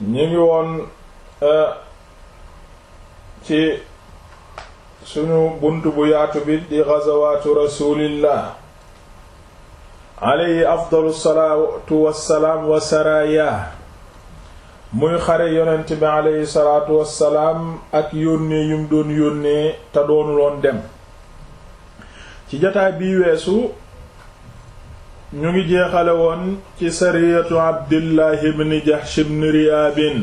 ñu ngi woon e, ci suñu bunt bu yaatu bi di gazawaatu rasulillah alayhi afdalu salaatu wassalaam wa saraya muy xare yonent bi alayhi salaatu wassalaam ak yónnee yum doon yónnee te doonuloon dem ci jotaay bii weesu ñu ngi jeexale woon ci sariyatu abdillahi bni jahsh bni riyaabin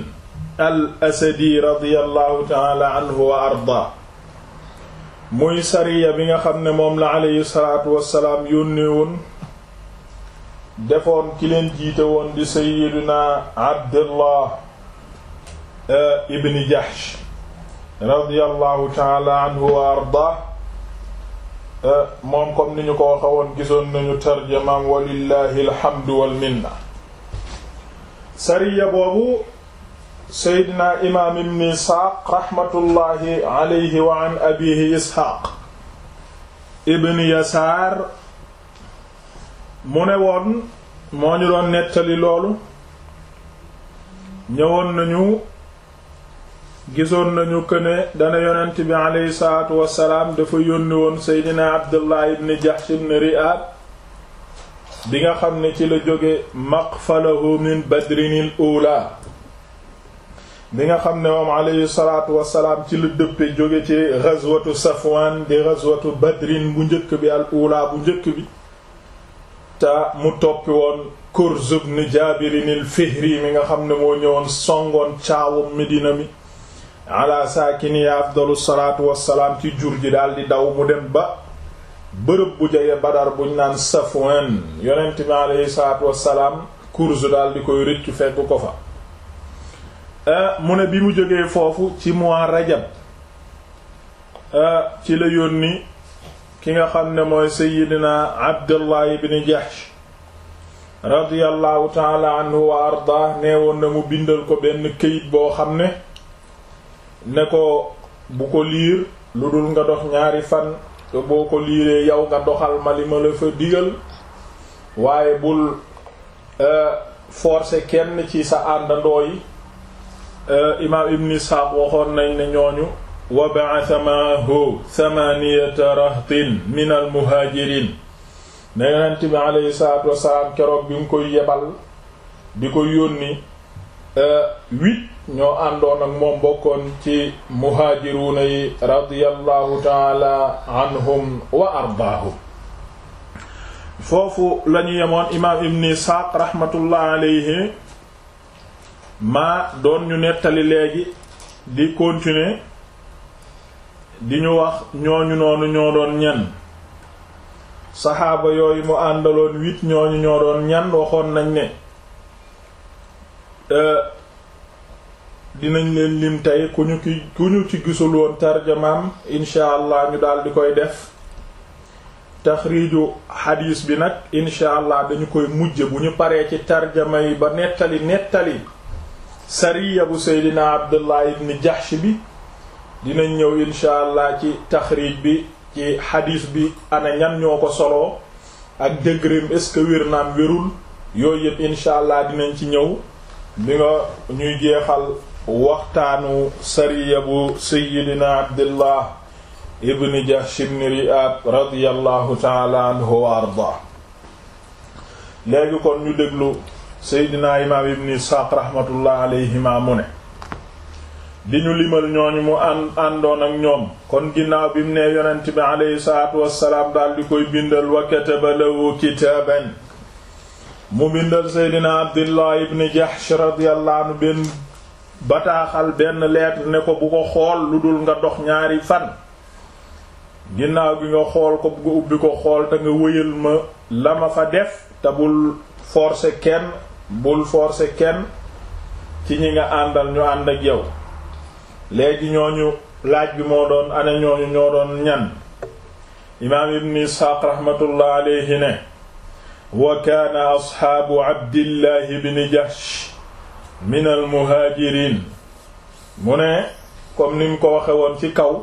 al asadi radiyallahu taala anhu wa arda muy sariya bi nga xam ne moom la aleyhi salaatu wassalaam yónnee woon defoon ki leen jiite woon di sayiduna abdullah eh, ibni jahsh radiyallahu taala anhu wa arda Euh, moom comme ni ñu ko waxe woon gisoon nañu tarjamaam walillahi alhamdu wal minna sariya boobu seydina imaam ibn isxaaq raxmatullaahi alayhi wa an abihi isxaaq ibn yasaar mu ne woon moo ñu doon nettali loolu ñëwoon nañu gisoon nañu ko ne dana yonent bi aleyhi salaatu wasalaam dafa yónni woon seydina abdullah ibn jahsh ibn ri'ab bi nga xam ne ci la jóge maqfalahu min badrinil ula bi nga xam ne moom aleyhi salaatu salaam ci la dëppe jóge ci ghazwatu safwan di ghazwatu badrin bu njëkk bi al ula bu njëkk bi te mu toppi woon kurz ibn jaabirinil fihri mi nga xam ne moo ñëwoon songoon caawum medina mi ala saakini ya afdalu salaatu wassalaam ci jur ji daal di daw mu dem ba bërëb bu jege badar buñ naan safwan yonent bi aleyhi salaatu wassalaam course daal di koy rëccu fekk ko fa eh, mu ne bi mu jógee foofu ci mois rajab eh, ci la yónni ki nga xam ne mooy seydina abdullahi ibn jahsh radiyallahu taala anhu wa arda nee woon na mu bindal ko benn kayit boo xam ne ne ko bu ko liir lu dul nga dox ñaari fan te boo ko liiree yow nga doxal ma li ma la fa digal waaye bul euh, forcer kenn ci sa àndandoo yi euh, imaam ibn waxoon nañ ne ñooñu wa ba'atha ma'ahu thamaniyata rahtin min al muhaajiriin ne yonent bi keroog bi nga koy yebal di ko yónni euh, ñoo àndoon ak moom bokkoon ci muhaajiruuna yi radiyallahu taala anhum wa ardaahum foofu lañu yemoon imaam ibn isxaaq raxmatullah alayhi maa doon ñu nettali léegi di continuer di ñu wax ñooñu noonu ñoo doon ñan saxaaba yooyu mu àndaloon huit ñooñu ñoo doon ñan waxoon nañ ne euh, dinañ leen lim tey ku ñu ñu ci gisul woon tarjamaam incha allah ñu daal di koy def taxriiju xadiis bi nag incha allah dañu koy mujj bu ñu paree ci tarjama yi ba nettali nettali sariya bu seydina abdullah ibn jahsh bi dinañ ñëw incha allah ci taxriij bi ci xadiis bi ana ñan ñoo ko solo ak dëgrim est-ce que naam wérul yooyu yëpp incha allah dinañ ci ñëw bi nga ñuy jeexal waxtaanu sariya bu sayyidina abdillah ibn jahsh ibn ri'ab radiyallahu taala wa arda léegi kon ñu déglu seydina imaam ibn isxaaq rahmatullah alayhima mu ne di ñu limal ñooñu mu àndoon ak ñoom kon ginnaaw bi mu ne yonent bi aleyhi wassalaam daal koy bindal wa kataba lahu mu bindal seydina abdullah ibn jahsh radiyallahu anhu bataaxal benn lettre ne ko bu ko xool lu dul nga dox ñaari fan ginnaaw gi nga xool ko bu ubbi ko xool te nga wëyal ma la ma fa def te bul forcer kenn bul forcer kenn ci ñi nga àndal ñu ànd ak yow léegi ñooñu laaj bi moo doon ane ñooñu ñoo doon ñan imaam ibn isxaaq raxmatullah alayhi ne wa asxaabu abdillahi ibn jahsh minal muhaajiriin mu ne comme ni mu ko waxe woon ci kaw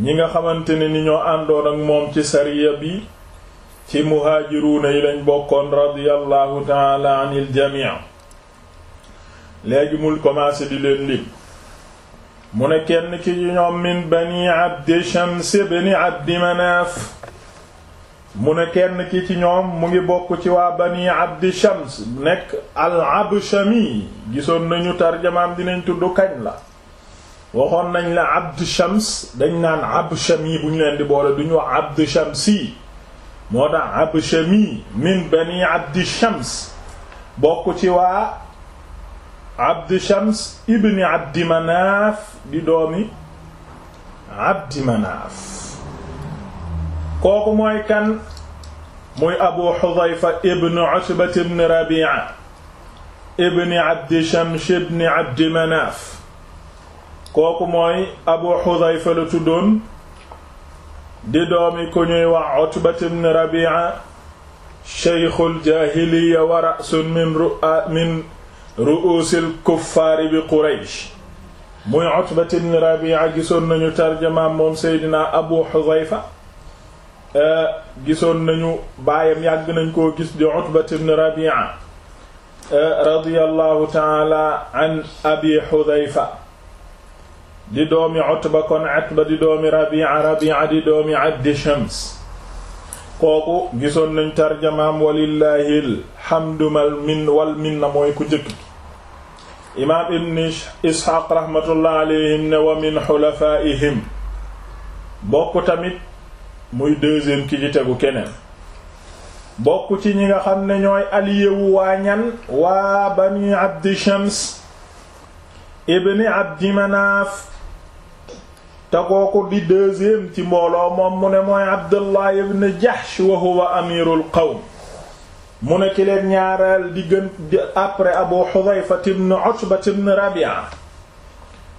ñi nga xamante ne ni ñoo àndoon ak moom ci sariya bi ci muhaajiruuna yi lañ bokkoon radiyallahu taala anil jamii léegi mul commencé di leen lim mu ne kenn ki ñoom min bani abdi shams bni abdi manaaf mu ne kenn ki ci ñoom mu ngi bokk ci waa bani abdi shams nekk al abshami gisoon nañu tarjamaam dinañ tudd kañ la waxoon nañ la abd shams dañ naan abshami bu ñu leen di boole duñu wax abd shamsi moo tax abshami min bani abdi shams bokk ci waa abdi shams ibni abdi manaaf di doomi abdi manaaf kooku mooy kan muy abu xudayfa ibn utbat ibn ibn abdi shamsh ibn abdi manaaf kooku mooy abu xudayfa la tuddoon di doomi ku ñuy wax utbat ibn rabi'a sheykhul jaahiliya wa ra'sun min ru'a min bi quraysh muy utbat ibn rabi'a gisoon nañu tarjamaam moom seydina abu xudayfa Euh, gisoon nañu baayam yàgg nañ ko gis di Utbat ibn Rabi'a euh, di doomi Utba kon di doomi Rabi'a kooku gisoon nañ tarjamaam walillahi alhamdu min wal min mooy ku njëkk imaam ibn Isxaaq rahmatullah alayhim ne wa min muy deuxième ki ci tegu keneen bokk ci ñi nga xam ne ñooy allié wu waa ñan waa bani abdi shams ibni abdi manaaf te kooku di deuxième ci mbooloo moom mu ne mooy abdullah ibn jahsh wa amirul qawm mu ne ki leen ñaareel di gën après abu hudhayfa ibn utba ibn rabi'a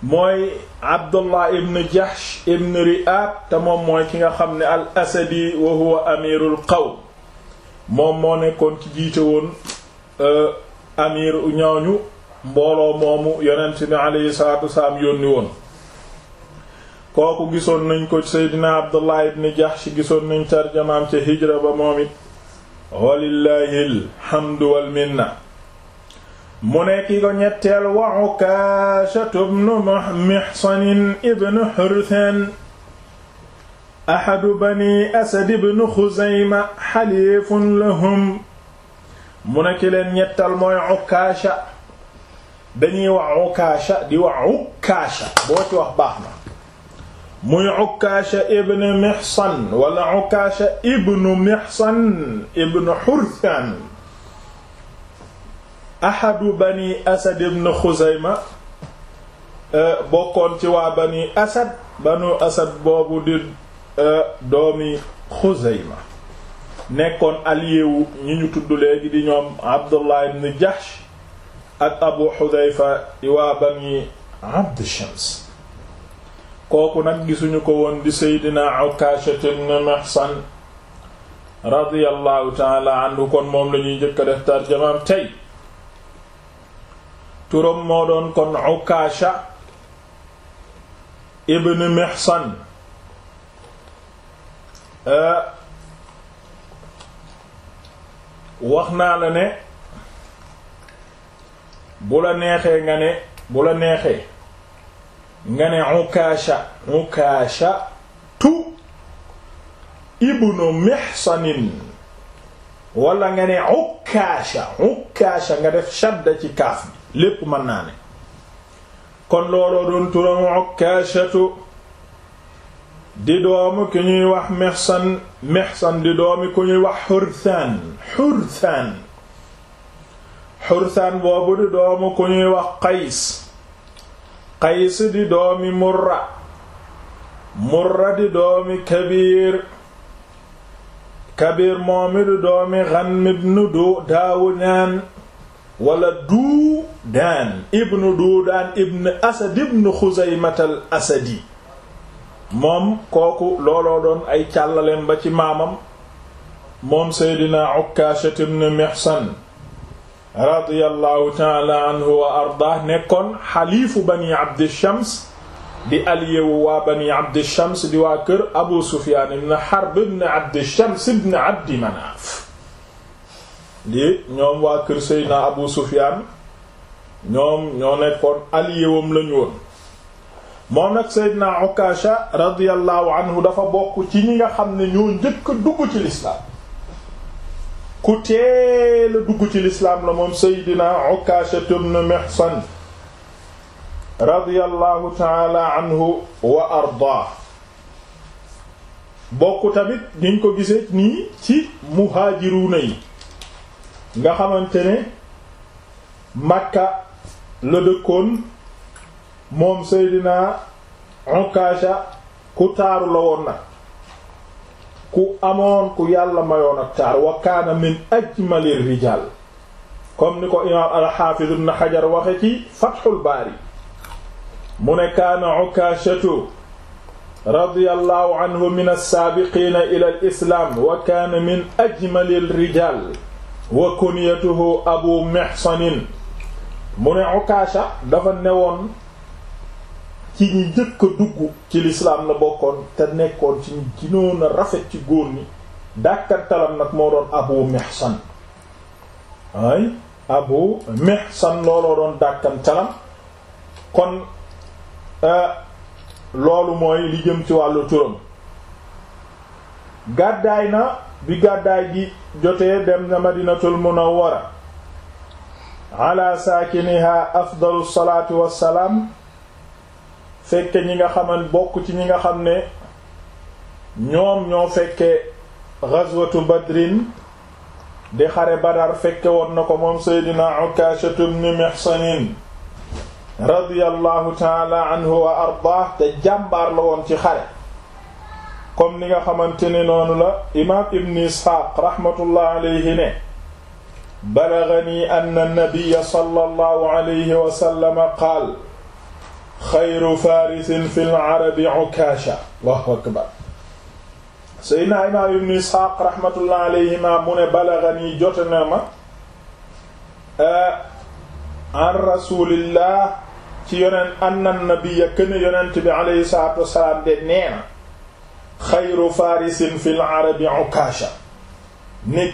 mooy abdullah ibn jahsh ibn ri'ab te moom mooy ki nga xam ne al asadi wa huwa amirul qawm moom moo nekkoon ci jiite woon euh, amir ñooñu mbooloo moomu yonent bi aleyhi salatu wasalaam yónni woon kooku gisoon nañ ko seydina abdullah ibn jahsh gisoon nañ tarjamaam ca hijra ba moom it walillahi alhamdu wal mu ne ki ko ñetteel wa Ukaashatu bnu Mihsan ibn Hurthan ahadu bani Asad ibn Xuzayma xaliifun lahum mu ne ki leen ñettal mooy Ukaasha dañuy wax Ukaasha di wax Ukaasha boo ci wax baax na muy Ukaasha ibn Mihsan wala Ukaasha ibn Mihsan ibn Hurthan ahadu bani asad ibn xuzayma euh, bokkoon ci waa bani asad banu asad boobu di euh, doomi xuzayma nekkoon aliyewu ñi ñu tudd léegi di ñoom abdullah ibn jahsh ak abu xudayfa waa bani abd shams kooku nag gisuñu ko woon di seydina ukaashat ibn mihsan radiyallahu taala kon moom lañuy njëkk a def tarjamaam tey turam moo doon kon Ukaasha ibn Mihsan wax naa la ne bu la neexee nga ne bu la neexee nga ne Ukaasha Ukaasha tu ibnu Mihsanin wala nga ne Ukaasha Ukaasha nga def shadda ci kaaf lépp mën naa ne kon looloo turamu Ukkaashatu di doomu ki ñuy wax Mihsan di doomi ku ñuy wax Hurthaan Hurthaan boobu di doomu ku ñuy wax Qays Qays di doomi Murra Murra di doomi Kabiir Kabiir moomi di doomi Ghanm ibn Daawudaan wala Duudaan ibnu Duudaan ibn Asad ibn Xuzaymat al Asadi moom kooku looloo doon ay càllaleen ba ci maamam moom Seydina Ukkaashat ibn Mihsan radiyallahu taala anhu wa ardaah nekkoon xaliifu bani Abdi Shams di aliyewu bani Abdi Shams di waa Abu Sufyaan ibn Harb ibn Abdi Shams ibn Abdi Manaaf ñoom waa kër Seydina Abu Sufyaan ñoom ñoo nekkoon alliéwam lañu woon moom nag Seydina Ukasha radiyallahu dafa bokk ci ñi nga xam ne ñoo njëkk dugg ci lislaam ku teel dugg ci lislaam la moom Seydina Ukasha ibn Mihsan radiyallahu taala anhu wa ardaa bokk tamit niñ ko gisee nii ci muhaajiruuna yi nga xamante ni Makka la dëkkoon moom Seydina Ukaasha ku taaru la woon nag ku amoon ku yàlla mayoon ak taar wa kaana min ajmalir rijaal comme ni ko imaam al-Hafiz ibn Hajar waxe ci Fathul Baari mu ne kaana Ukaashatu radiyallahu min as-saabiqiina rijaal wa kunyatuhu abu mihsanin mu ne ukaasha dafa newoon ci ñi njëkk dugg ci lislaam la bokkoon te nekkoon ci ñi ginoon a rafet ci góor ñi dàkkantalam nag moo doon abu mihsan ay abu mihsan looloo doon dàkkantalam kon euh, loolu mooy li jëm ci wàllu turam gàddaay na bi gàddaay gi jotee dem na madinatul munawwara ala saakiniha afdalu salaatu wassalaam fekke ñi nga xaman bokk ci ñi nga xam ne ñoom ñoo fekke ghazwatu badrin di xare badar fekke woon na ko moom seydina ukaashatu ibn mihsanin radiyallahu taala anhu wa ardaah te jàmbaar la woon ci xare comme ni nga xamante ne noonu la imaam ibn isxaaq raxmatullah alayhi ne balagani anna nabiya sallallahu alayhi wa sallam qaal xayru faarisin fi larabi ukaasha allahu akbar seydna imaam ibn isxaaq raxmatullah alayhima mu ne balagani jote na ma an rasulillah ci yonent anna nabiya kën yonent bi alayhi salaatu wasalaam de neena xayru farisin fil arabi ukaasha ne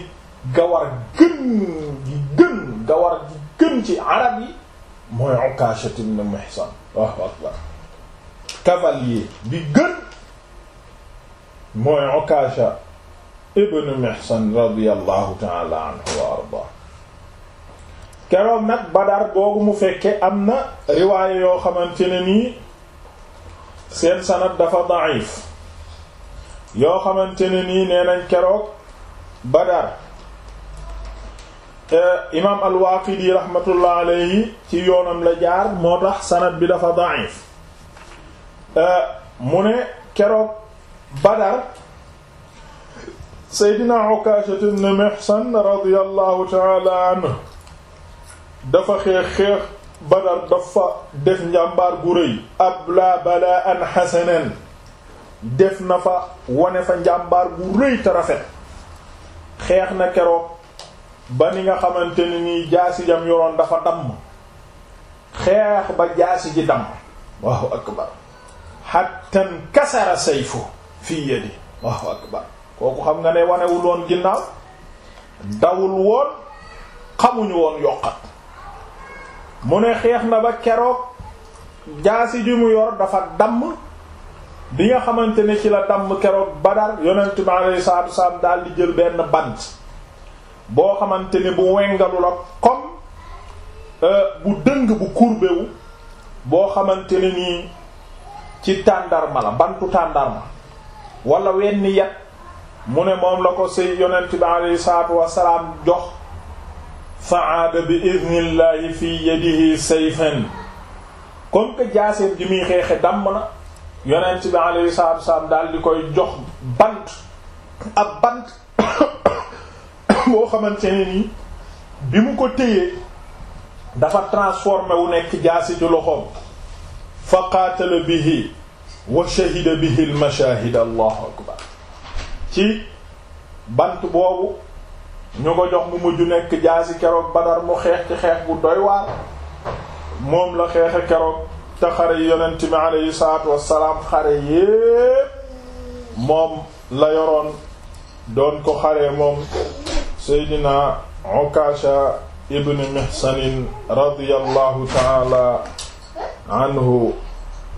gawar gën mooy ukaasha ibn muhsan waaw akbar ta'ala anhu wa ardaa keroog nag badar googu mu fekke am na riwaaye yoo xamante ne nii seen sanad dafa da'if yoo xamante ne nii nee nañ keroog Badar eh, imaam al-Waaqidi rahmatullah alayhi ci yoonam la jaar moo tax sanad bi dafa da'if eh, mu ne keroog Badar Seydina Ukaasha ibn Mihsan radiyallahu ta'ala anhu dafa xeex xeex Badar dafa def njàmbaar gu rëy ablaa balaa an hasanan def na fa wane fa njàmbaar bu rëy te rafet xeex na keroog ba ni nga xamante ni nii jaasi jam yoroon dafa damm xeex ba jaasi ji damm waaw akbar hatta kasara sayfu fii yadi waaw akbar kooku xam nga ne wanewul woon ginnaaw dawul woon xamuñu woon yokkat mu ne xeex na ba keroog jaasi ji mu yor dafa damm bi nga xamante ne ci la damm keroog Badar yonent bi alayhi salaatu wasalaam daal di jël benn bant boo xamante ni bu wengalu la comme euh, bu dëng bu courbé boo xamante ni nii ci tàndarma la bantu tàndarma wala wenn yat mu ne moom la ko sëy yonent bi alayhi salaatu wasalaam jox faada bi idnillahi fi yadihi sayfan comme que jaaseem ji muy xeexe damm na yonent bi alayhi salaatu wasalaam daal di koy jox bant ab bant boo xamante ne nii bi mu ko téyee dafa transformé wu nekk jaasi ci loxoom fa qaatala bihi wa shahida bihi al mashaahid allahu akbar ci bant boobu ñu ko jox mu mujj nekk jaasi keroog Badar mu xeex ci xeex bu doy waar moom la xeexe keroog te xare yonent bi aleyhi salaatu wassalaam xare yépp moom la yoroon doon ko xare moom seydina Ukasha ibn Mihsanin radiyallahu taala anhu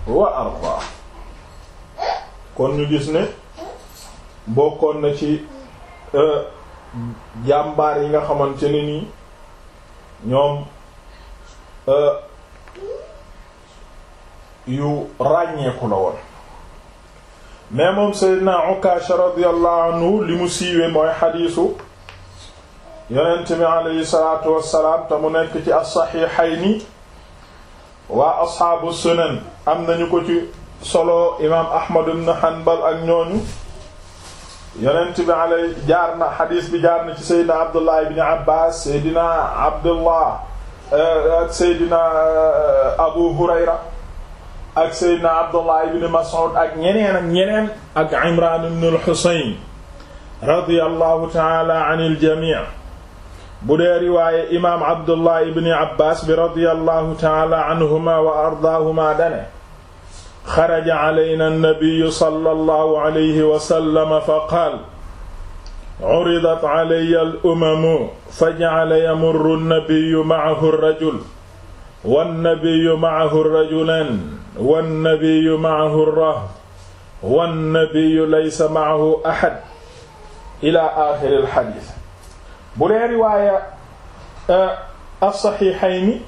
wa arda kon ñu gis ne bokkoon na ci euh, jàmbaar yi nga xamante ne ñoom euh, yu ràññeeku moom Seydina Ukaasha radiyallahu anhu li mooy xadiisu yonent bi aleyhi salaatu mu nekk ci as-saxiixayni waa asxaabu sunan nañu ko ci solo imaam Ahmad ibn Hanbal ak ñooñu yonent bi aley jaar na xadiis bi jaar na ci Seydina Abdullah ibn Abbaas Seydina Abdullah eh, ak eh, Abu Hurayra ak Seydina Abdullah ibn Mas'ud ak ñeneen ak ñeneen ak Imran ibn al-Husayn radiyallahu ta'ala anil jami' bu dee riwaaye imaam Abdullah ibn Abbas bi radiyallahu ta'ala anhuma wa ardaahuma dane xaraja alayna an-nabiyyu sallallahu alayhi wa sallam fa qaala curidat calaya alumamu fa jacala yamurru annabiyu macahu rajul wannabiyu macahu rajulan wannabiyu maahu rahb wannabiyu laysa maahu ahad ila axiri alxadis bu dee riwaaya alsaxixayni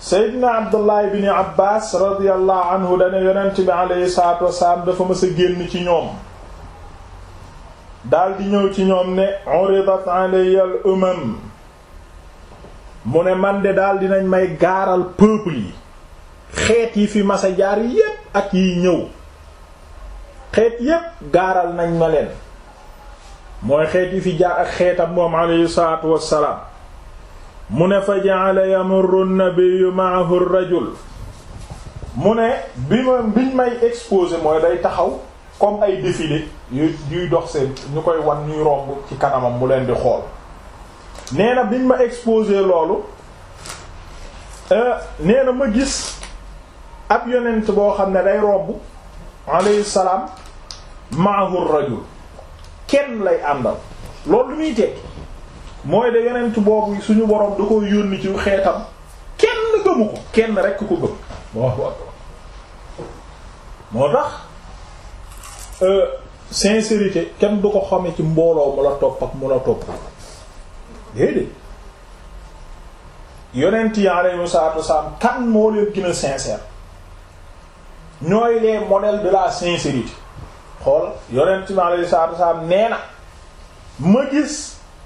seydna abdullahi bini abbas radiallahu anhu dane yonent bi aleyhi salatu wasalaam dafa mës a génn ci ñoom daldi ñëw ci ñoom ne uridat alayya al umam mu ne man de daal dinañ may gaaral peuple yi xeet yi fi masa jaar yépp ak yi ñëw xeet yépp gaaral nañ ma leen mooy xeet yi fi jaar ak xeetam moom alayhi salaatu wassalaam mu ne fa ja'ala yamurru an-nabiyyu ma'ahu rajul mu ne bi ma biñ may exposé mooy day taxaw comme ay défilé yuy dox seen ñu koy wan ñuy romb ci kanamam mu leen di xool nee na biñ ma exposé loolu euh, nee na ma gis ab yonent boo xam ne day romb alayhi salaam maahu rajul kenn lay àndal loolu lu muy tekki mooy de yonent boobu suñu borom du ko yónni ci xeetam kenn gëmu ko kenn rekk ko gëm waaw moo tax euh, sincérité kenn du ko xame ci mbooloo mu la topp ak mu la topp déedéet yonent yi alayhi salaatu kan moo leen gën a ñooy les modèles de la sincérité xool yonent bi alayhi salaatu nee na ma gis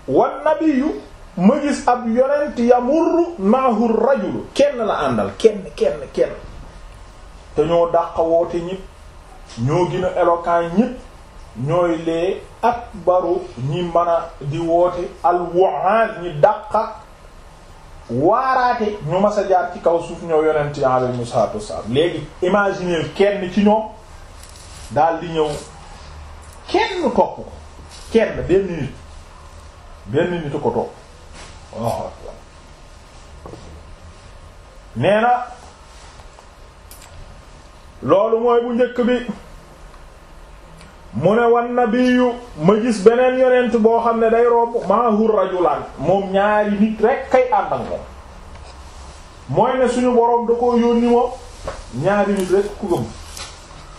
wan nabiyu ma gis ab yonent yamurru rajulu kenn la àndal kenn kenn kenn te ñoo dàq woote ñëpp ñoo gën a éloquent ñooy les akbaru ñi mën di woote alwaad ñi dàqa waaraate ñu ma a jaar ci kaw suuf ñëw yonent yi alayhi salaatu léegi imaginer kenn ci ñoom daal ñëw kenn topp ko kenn benn nit benn nit ko topp waaw loolu mooy bu njëkk bi mu ne wan nabiyu ma gis beneen yonent boo xam ne day romb maahu rajulan moom ñaari nit rekk kay ànd ak moom mooy ne suñu boroom da koo yónni moom ñaari nit rek ku gëm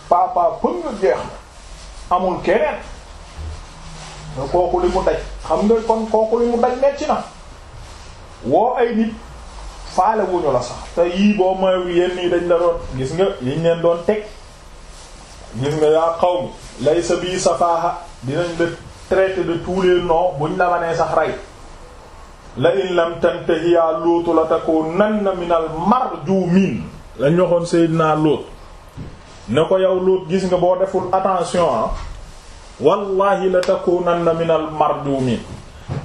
papa pën nga jeex na amul keneen nga kooku li mu daj xam nga kon kooku li mu daj metti na woo ay nit faale wuñu la sax te yii boo mooy yenn yi dañ la doon gis nga yiñ leen doon teg gis nga yaa xaw mi laysa sa safaaha dinañ la traiter de tous les noms buñ la wanee sax rey la in lam tantahi yaa lóotu la takunanna minal marjumin lañ waxoon Seydina Lóot ne ko yow Lóot gis nga boo deful attention ah wallahi la takunanna minal marjumin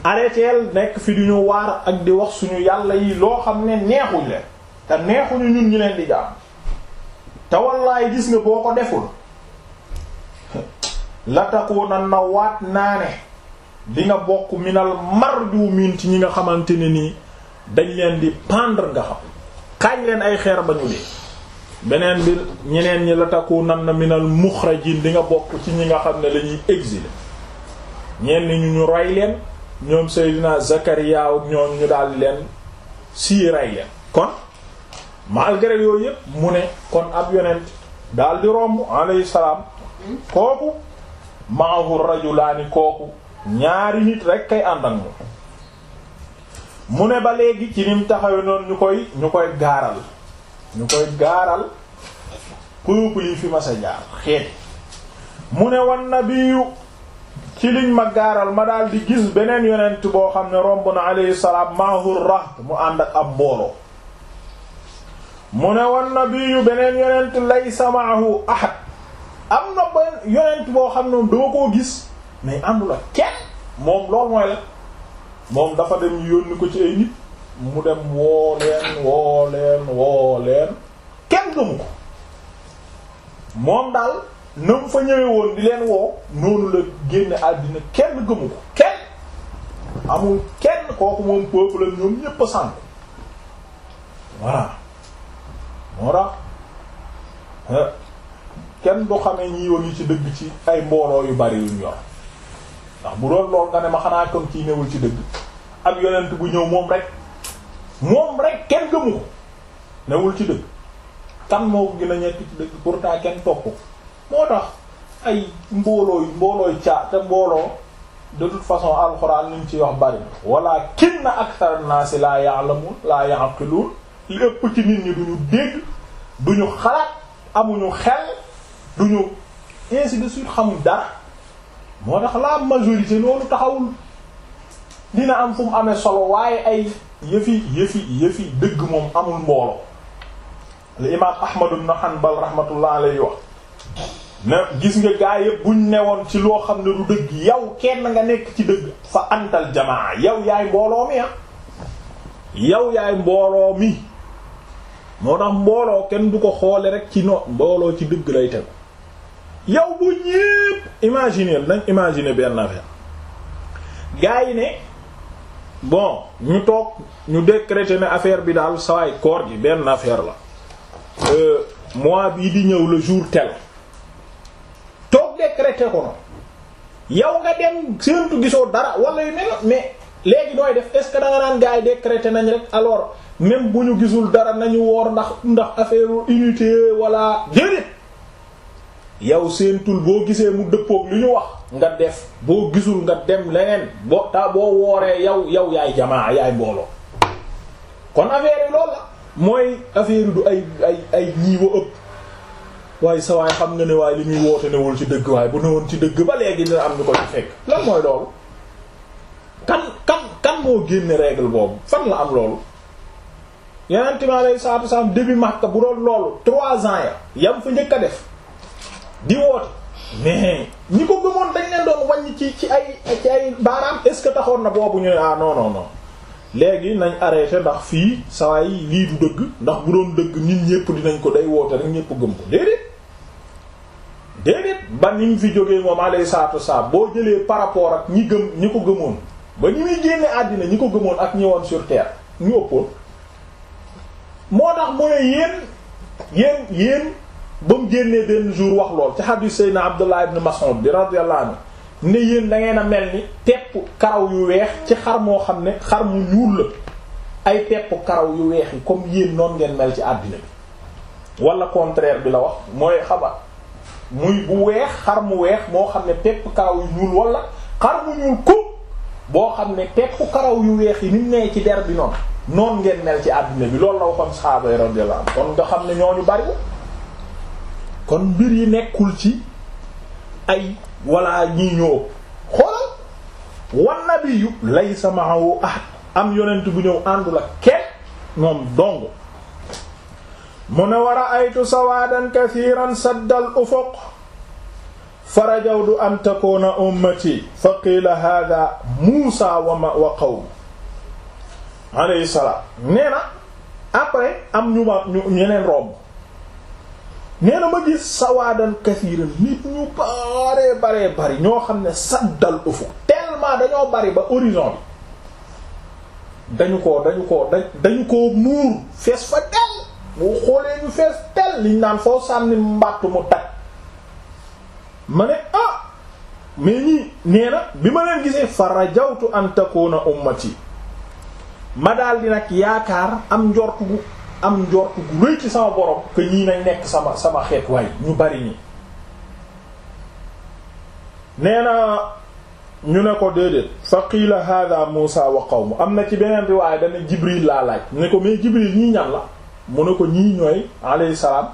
arrêteel nekk fi duñu waar ak di wax suñu yàlla yi loo xam ne neexuñ leen te neexuñu ñun ñu leen di jaam te wallahi gis nga boo ko deful la takuunan na waat naa ne di nga bokk minal marjuumiin ci ñi nga xamante ne nii dañ leen di pendre nga xam xaañ leen ay xeer ba ñu dee beneen bi ñeneen ñi la takuunan na minal muxrajiin di nga bokk ci ñi nga xam ne lañuy exilé ñenn ñu ñu roy leen ñoom Seydina Zakariya ak ñoom ñu daal leen sii rey leen kon malgré yooyu yëpp mu ne kon ab yonent daal di romb alayhi salaam kooku maahu rajulaani kooku ñaari nit rek kay ànd ak moom mu ne ba léegi ci nim taxawe noonu ñu koy ñu koy gaaral ñu koy gaaral peuple yi fi ma sa jaar mu ne wan nabiyu ci liñ ma gaaral ma daldi gis beneen yonent boo xam ne romb na alayhi salaam mahur mu ànd ak ab mbooloo mu ne won nabiyu beneen yonent laysa maahu ahad am na benn yonent boo xam ne dama koo gis mais àndul ak kenn moom loolu mooy la moom dafa dem yónni ko ci ay nit mu dem woo leen woo leen woo leen kenn gëmu ko moom daal na mu fa ñëwee woon di leen woo noonu la génne àddina kenn gëmu ko kenn amul kenn kooku moom peuple la ñoom ñépp a sànk voilà moo tax kenn du xamee ñi yoon yi ci dëgg ci ay mbooloo yu bari yuñ yor ndax bu doon lool nga ne ma xanaa kon kii newul ci dëgg ab yonent bu ñëw moom rek moom rek kenn gëmu ko newul ci dëgg kan moo gën a ñett ci dëgg pourtant kenn topp moo tax ay mboolooy mboolooy caa te mbooloo de toute façon alxuraan liñ ci wax bari walakinna akthar an-nas la ya'lamun la ya'qilun lépp ci nit ñi duñu dégg duñu xalaat amuñu xel duñu ainsi de suite xamul dara moo tax la majorité loolu taxawul dina am fu mu amee solo waaye ay yëfi yëfi yëfi dëgg moom amul mbooloo li imaam Ahmad ibn Hanbal rahmatullah alayhi wax ne gis nga gaa yëpp buñ newoon ci loo xam ne du dëgg yow kenn nga nekk ci dëgg fa antal jamaa yow yaay mbooloo mi ah yow yaay mbooloo mi moo tax mbooloo kenn du ko xoole rek ci no mbooloo ci dëgg lay tegu yow bu ñépp imaginer nañ imaginer benn affaire gars yi ne bon ñu toog ñu décréter ne affaire bi daal sawaay koor gi benn affaire la euh, mois bii di ñëw le jour tel toog décréter ko noonu yow nga dem séentu gisoo dara wala yu mel mais léegi nooy def est-ce que da yi décréter nañ rek alors même bu ñu gisul dara nañu woor ndax ndax affaire unité wala déedéet yow seen boo gisee mu dëppoog lu ñu wax nga def boo gisul nga dem leneen boo taa boo wooree yow yow yaay jamaa yaay mbooloo kon affaire yi loolu la mooy affaire du ay ay ay ñiiwa ëpp waaye sa waay xam nga ne waaye li muy woote newul ci dëgg waaye bu newoon ci dëgg ba léegi dina am ñu ko ci fekk lan mooy loolu kan kan kan moo génne règle boobu fan la am loolu yeneen mi alei salatu wasalaam début Makka bu doon loolu trois ans ya yam fa njëkk a def di woote mais ñi ko gëmoon dañ leen doon wàññi ci ci ay ci ay baaraam est-ce que taxoon na boobu ñu ne ah non léegi nañ arrêté ndax fii saa yi lii du dëgg ndax bu doon dëgg nit ñépp dinañ ko day woote rek ñépp gëm ko déedéet. déedéet ba ni mu fi jógee moom alayhi salaatu wasalaam boo jëlee par rapport ak ñi gëm ñi ko gëmoon ba ñi muy génne àddina ñi ko gëmoon ak ñi woon sur terre ñu ëppoon moo tax mu ne yéen yéen yéen. ba mu génnee benn jour wax lool ci xadiis Seydina Abdullah ibn Mas'ud bi radiyallahu anhu ne yéen da ngeen a mel ni tepp karaw yu weex ci xar moo xam ne xar mu ñuul la ay tepp karaw yu weex yi comme yéen noon ngeen mel ci àddina bi wala contraire bi la wax mooy xabar muy weex xar mu weex moo xam ne tepp karaw yu ñuul wala xar mu xam ne tepp karaw yu weex yi nit nee ci der bi noonu ngeen mel ci àddina bi loolu la waxoon sahaaba yi radiyallahu anhu kon nga xam ne ñooñu bari kon mbir yi nekkul ci ay wala ñii ñoo xoolal wan nabiyu laysa ma'ahu ahad am yonent bu ñëw àndul ak kenn dong mu ne wa ra'aytu sawaadan kathiran saddal ufuq farajawdu an takuna ummati fa qiila hadha muusa wa qawmu alayhi salaam nee na après am ñu ma ñu ñeneen romb nee na ma gis sawaadan kasiiran nit ñu baree baree bari ñoo xam ne saddal ufu tellement dañoo bari ba horizon bi dañu ko dañu ko dañu ko muur fees fa tel boo xoolee ñu fees tel liñ naan foo sànni mbàtt mu tag ma ne ah mais ñii nee na bi ma leen gisee fa rajawtu an takuna ummati ma daal di nag yaakaar am njort gu am njort gu rëy ci sama borom que ñii nañ nekk sama sama xeet waaye ñu bari ñi nee na ñu ne ko déedéet fa qiila hada Muusa wa qawmu am na ci beneen riwaay dana Jibril laa laaj ne ko mais Jibril ñii ñan la mu ne ko ñii ñooy alayhi salaam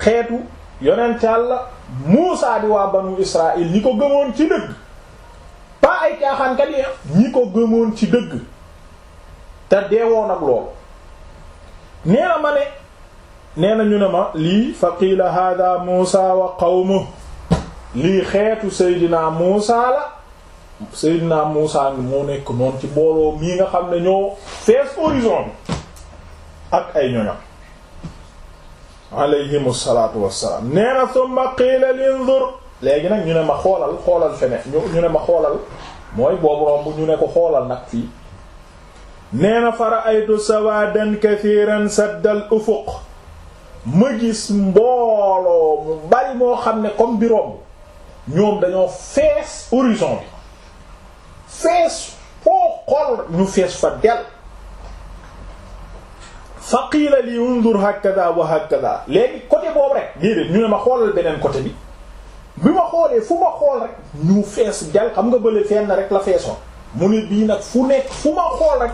xeetu yonent Yàlla Muusa di waa banu Israël ñi ko gëmoon ci dëgg pas ay caaxaankat ñi ko gëmoon ci dëgg te deewoon ak loolu nee na ma ne nee na ñu ne ma lii fa qiila hada Muusa wa qawmu lii xeetu Seydina Muusa la Seydina Muusa ngi moo nekk noonu ci booloo mii nga xam ne ñoo fees horizon ak ay ñoñam alayhimu salaatu wassalaam nee na summa qiila linzur léegi nag ñu ne ma xoolal xoolal fene ñu ne ma xoolal mooy boobu romb ñu ne ko xoolal nag fii nee na fa ra'aytu sawaadan kathiran saddal ufuq ma gis mbooloo mu bari moo xam ne comme bi romb ñoom dañoo fees horizon bi fees foo xool ñu fees fa del fa qiila li unzur hakada wa hakada léegi côté boobu rek déedéet ñu ne ma xoolal beneen côté bi bi ma xoolee fu ma xool rek ñu fees del xam nga bële fenn rek la feesoon mu ne bii nag fu nekk fu ma xool rek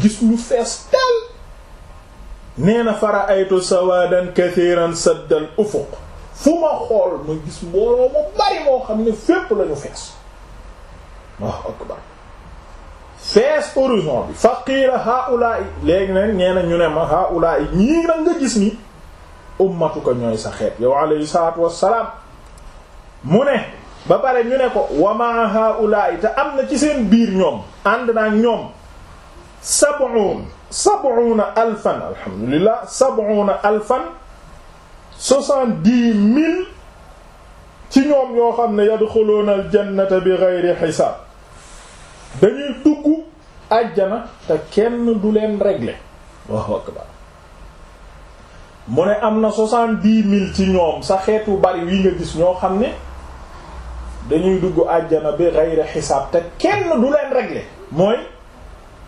gis lu fees tal nee na fara aytu sawadan kathiran saddal ufuq fu ma xool ma gis mbooloo mu bari moo xam ne fépp lañu fees waaw akbar fees horizon bi faqiira haulaai léegi nag nee na ñu ne ma haulaai ñii nag nga gis ni ummatuka ñooy sa xeet yow alayhi salaatu wassalaam mu ne ba pare ñu ne ko wa ma haulaai te am na ci seen biir ñoom ànd naak ñoom sab'un sab'una alfan alhamdulillah sab'una alfan soixante-dix mille ci ñoom ñoo xam ne yadxuluuna aljannata bi geyri xisaab dañuy dugg àjjana te kenn du leen régler mu ne am na soixante-dix mille ci ñoom sa xeetu bari wi nga gis ñoo xam ne dañuy dugg àjjana bi geyri xisaab te kenn du leen régler mooy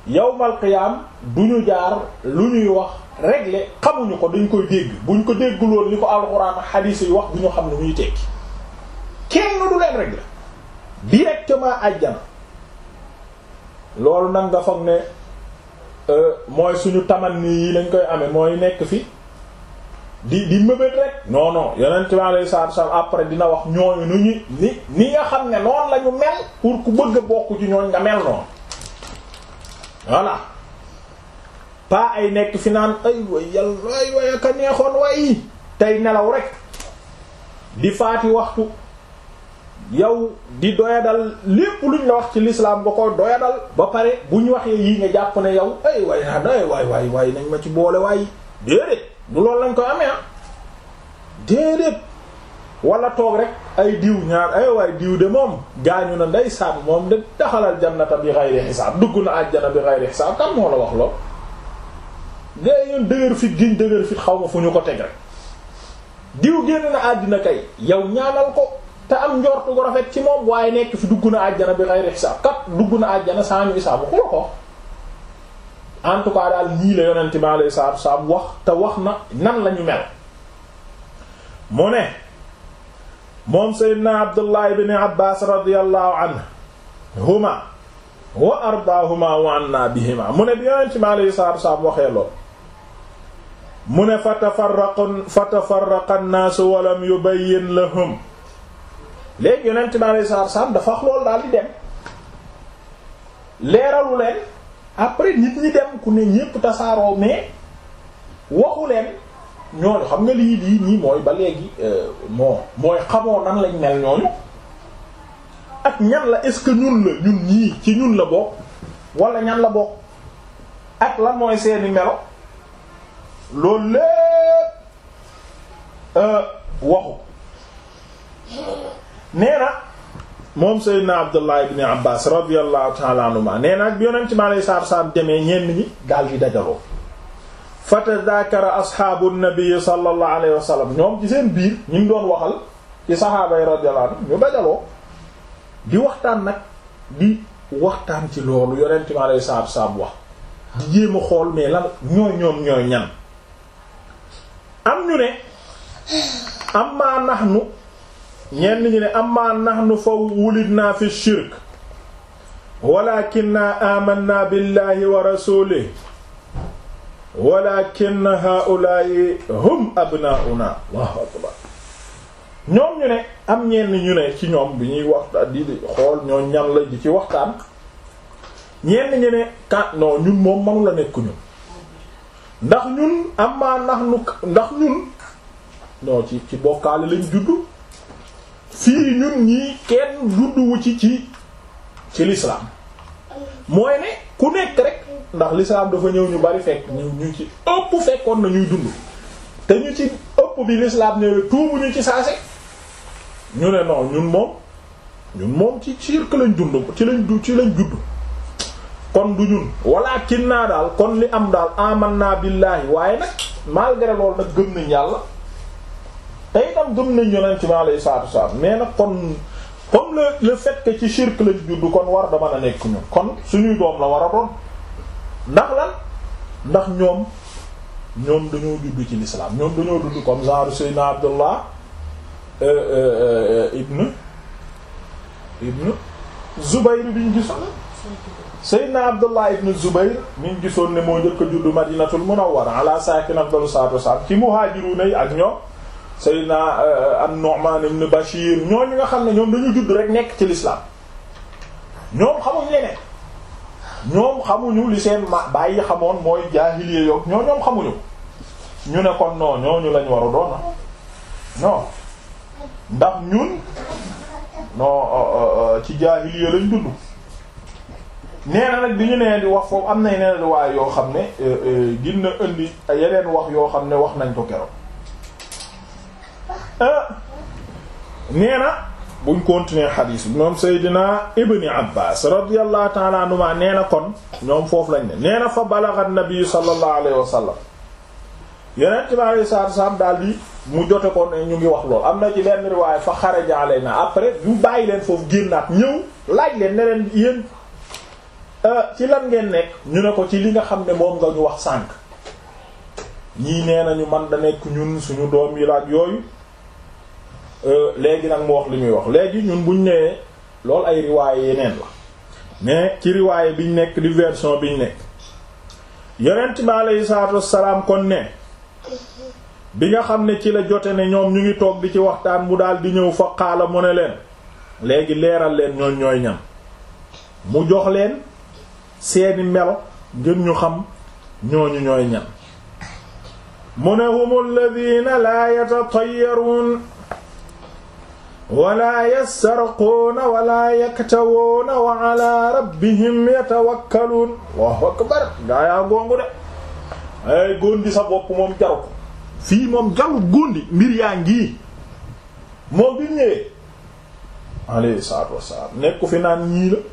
yow qiyaam du ñu jaar lu ñuy wax régler xamuñu ko dañ koy dégg buñ ko dégguloon li ko alxuraan xadiis yi wax du ñu xam ne muy tekki kenn du leen régler directement àjjana loolu nag nga foog ne euh, mooy suñu taman yi lañ koy amee mooy nekk fi di di mëbët rek non yeneen ci bi alayhi salaatu wasallam après dina wax ñooñu nu ñu ni ni nga xam ne noonu lañu ñu mel pour ku bëgg a bokk ci ñooñ nga mel noonu voilà pas ay nekk fi naan ay way yàlla way way aka neexoon way tey nelaw rek di faati waxtu yow di doyadal lépp luñ la wax ci lislaam nga ko doyadal ba pare bu ñu waxee yii nga jàpp ne yow ah, ay waay waay waay nañ ma ci boole waay déedéet du loolu lañ koy amee ah déedéet wala toog rek ay diw ñaar ay diw de moom gaañu na ndey saan moom de daxalal jannata bi xayri xisaab dugg na àjjana bi xayri xisaab kan moo la wax lool gas yoon dëgër fit giñ dëgër fit xaw ma fu ñu ko teg rek diw génn na àddina kay yow ñaanal ko te am njortu ko rafet ci moom waaye nekk fi dugg na àjjana bi xayri xisaab kat dugg na àjjana saa ñu xisaab waxu la ko en tout cas daal ñii la yonente bi alayhi salaatu wa wax te wax na nan la ñu mel mu ne moom seydna abdullah ibn abbas radiyallahu anhuma wa ardaahuma wa anna bihima mu ne bi yonent mi alayhi salaatu wasalaam waxee lool mu ne fa tafarraqu fa tafarraqa nnaasu walam yubayyin lahum léegi yonent mi alayhi salaatu dafa wax loolu daal di dem leeralu leen après nit ñi dem ku ne ñépp tasaaroo mais waxu leen ñooñu xam nga lii lii nii mooy ba léegi euh, moo mooy xamoo nan lañ mel ñooñu ak ñan la est-ce que ñun la ñun ñii ci ñun la bokk wala ñan la bokk ak la mooy seeni melo loolu lépp euh, waxu nee na moom Seydina Abdullah ibn Abbas radiyallahu ta'ala anhuma nee na ak bi yonent mi alayhi salaatu wa salaam demee ñenn ñi daal di dajaloo fa tadaakara asxaabu nabi sallallahu alayhi wa sallam ñoom ci seen biir ñu ngi doon waxal ci saxaaba yi radiyallahu anhum ñu dajaloo di waxtaan nag di waxtaan ci loolu yonent mi alayhi salaatu wax di jéem xool mais la ñoo ñoom ñoo ñan am ñu ne amma nahnu ñenn ñu ne amma nahnu fa wulidna fi shirk walakinna amanna billahi wa rasulihi walakin haula'i hum abnauna allahu ñoom ñu ne am ñenn ñu ne ci ñoom bi ñuy waxtaan di xool ñoo ñan la di ci waxtaan ñenn ñu ne ka non ñun moom manu la nekk ndax ñun am maa ndax nu ndax ñun non ci ci bokkaale lañ judd fii ñun ñii kenn judduwu ci ci ci l'islam mooy ne ku nekk rek ndax lislaam dafa ñëw ñu bari fekk ñu ñu ci ëpp fekkoon na ñuy dund te ñu ci ëpp bi lislaam ñëwee tuubu ñu ci saase ñu ne non ñun moom ñun moom ci cirque lañ dund ci lañ du ci lañ judd kon du ñun walaakin naa daal kon li am daal amanna billaahi waaye nag malgré loolu nag gëm nañ yàlla tey itam gëm nañ yonent ci maa lay saatu saatu mais nag kon comme le le fait ci cirque lañ judd kon war da mën nekk ñun kon suñuy doom la war a doon ndax lan ndax ñoom ñoom dañoo judd ci l'islam ñoom dañoo dudd comme genre Seydina Abdullah euh, euh, euh, ibn Zubayr bi ñu gisoon Seydina Abdullah ibn Zubayr mi ñu gisoon ne moo njëkk a juddu Madinatul Munawwara ala sakin afdalu salaatu wassalaam ci muhaajiruuna yi ak ñoom Seydina an-Nu'man ibn Bashir ñooñu nga xam ne ñoom dañu judd rek nekk ci l'islam ñoom xamuñ leneen ñoom xamuñu li seen ma bàyyi xamoon mooy jaahiliya yoog ñoo ñoom xamuñu ñu ne kon non ñooñu lañ war a doon ah. non ndax ñun non euh, euh, euh, ci jaahiliya lañ dund nee na nag bi ñu nee di wax foofu am na yeneen riwaay yoo xam ne gin na indi yeneen wax yoo xam ne wax nañ ko keroog nee buñ continuer xadiis bi moom Seydina Ibni Abbas radiyallahu ta'ala anhuma nee na kon ñoom foofu lañ ne nee na fa balagha an-nabi sallallahu alayhi wa sallam yeneen ci maa ngi saabsaab daal di mu jote ko ne ñu ngi wax lool am na ci lenn riwaay fa xaraja alayna après ñu bàyyi leen foofu génnaat ñëw laaj leen ne leen yéen euh, ci lan ngeen nekk ñu ne ko ci li nga xam ne moom nga ñu wax sànq ñii nee nañu man da nekk ñun suñu doom yi laaj yooyu. Euh, léegi nag mu wax li muy wax léegi ñun buñ nee lool ay riwaaye yeneen la mais ci riwaaye biñ nekk di version biñ nekk yonent bi aleyhi salaatu wassalaam kon ne bi nga xam ne ci la jote ne ñoom ñu ngi toog di ci waxtaan mu daal di ñëw fa xaala mu ne leen léegi leeral leen ñoon ñooy ñam mu jox leen seeni melo ngir ñu xam ñooñu ñooy ñam mu ne humul ladina la yatatayyarun wala yastarquuna wala yaktawuuna wa ala rabbihim yatawakkaluun Allahu akbar gaa yaa gongu de ay góndi sa bopp moom jaru ko fii moom jaru góndi mbir yaa ngii moom bi ñëwee alayhi salaatu wassalaam nekku fi naan ñii la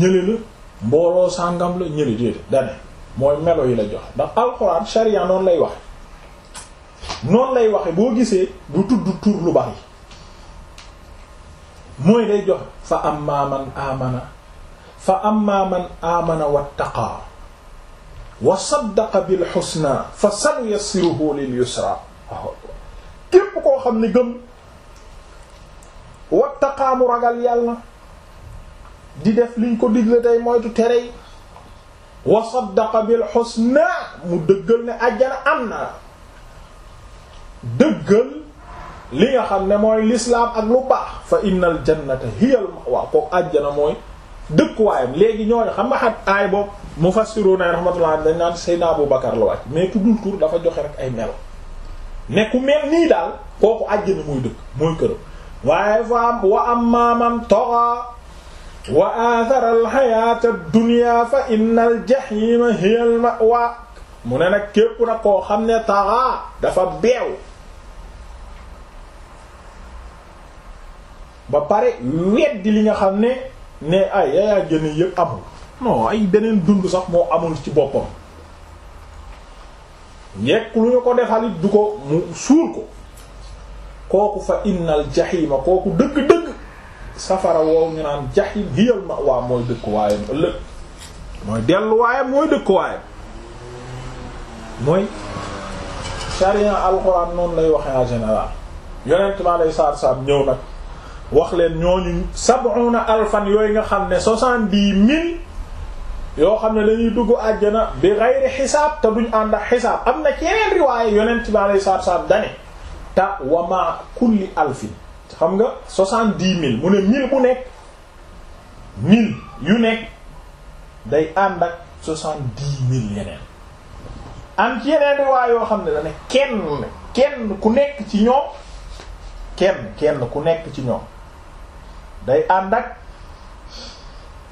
ñële la mbooloo sàngam la ñële déedéet dane mooy melo yi la jox ndax alxuraan sharia noonu lay wax noonu lay wax boo gisee bu tudd tur lu bari mooy day jox fa amma man amana fa amma man amana wattaqa wa saddaqa bil husna fa sanuyassiruhu lil yusra képp koo xam ne gëm wattaqa mu ragal yàlla di def liñ ko digle tey moytu tere yi wa saddaqa bil husna mu dëggal ne àjjana am na dëggal li nga xam ne mooy lislaam ak lu baax fa innal jannata hiyal ma'wa kooku àjjana mooy dëkkuwaayam léegi ñooñu xam nga xat aay boobu mufassiru na rahmatullah dañ naan Seydina Abu Bakar la wàcc mais tuddul tur dafa joxe rek ay melo ne ku mel nii daal kooku àjjana muy dëkk muy këram waaye fa wa amma man tagha wa athara al hayata fa innal jahima hiyal ma'wa mu ne nag képp nag koo xam ne tagha dafa beew ba pare weddi li nga xam ne ne ay yayaa gën yëpp amul non ay beneen dund sax moo amul ci boppam yekk lu ñu ko defalit du ko mu suul ko kooku fa innal jaxiima kooku dëgg-dëgg safara woow ñu naan jaxiim hiyal ma waa mooy dëkkuwaayam ëllëg mooy delluwaayam mooy dëkkuwaayam mooy sariya alxuraan noonu lay waxe en général yonent ma lay saar saar ñëw nag wax leen ñoo ñooñu sab'una alfan yooyu nga xam ne soixante-dix mille yoo xam ne dañuy dugg àjjana bi gayri xisaab te duñ ànd ak xisaab am na ci yeneen riwaaye yonent bi alayhi salaatu salaam dane ta xam nga soixante-dix mille mu ne mille bu nekk mille yu day ànd ak soixante-dix yoo xam ne dane kenn kenn ku nekk ci ñoom kenn kenn ku nekk ci ñoom day ànd ak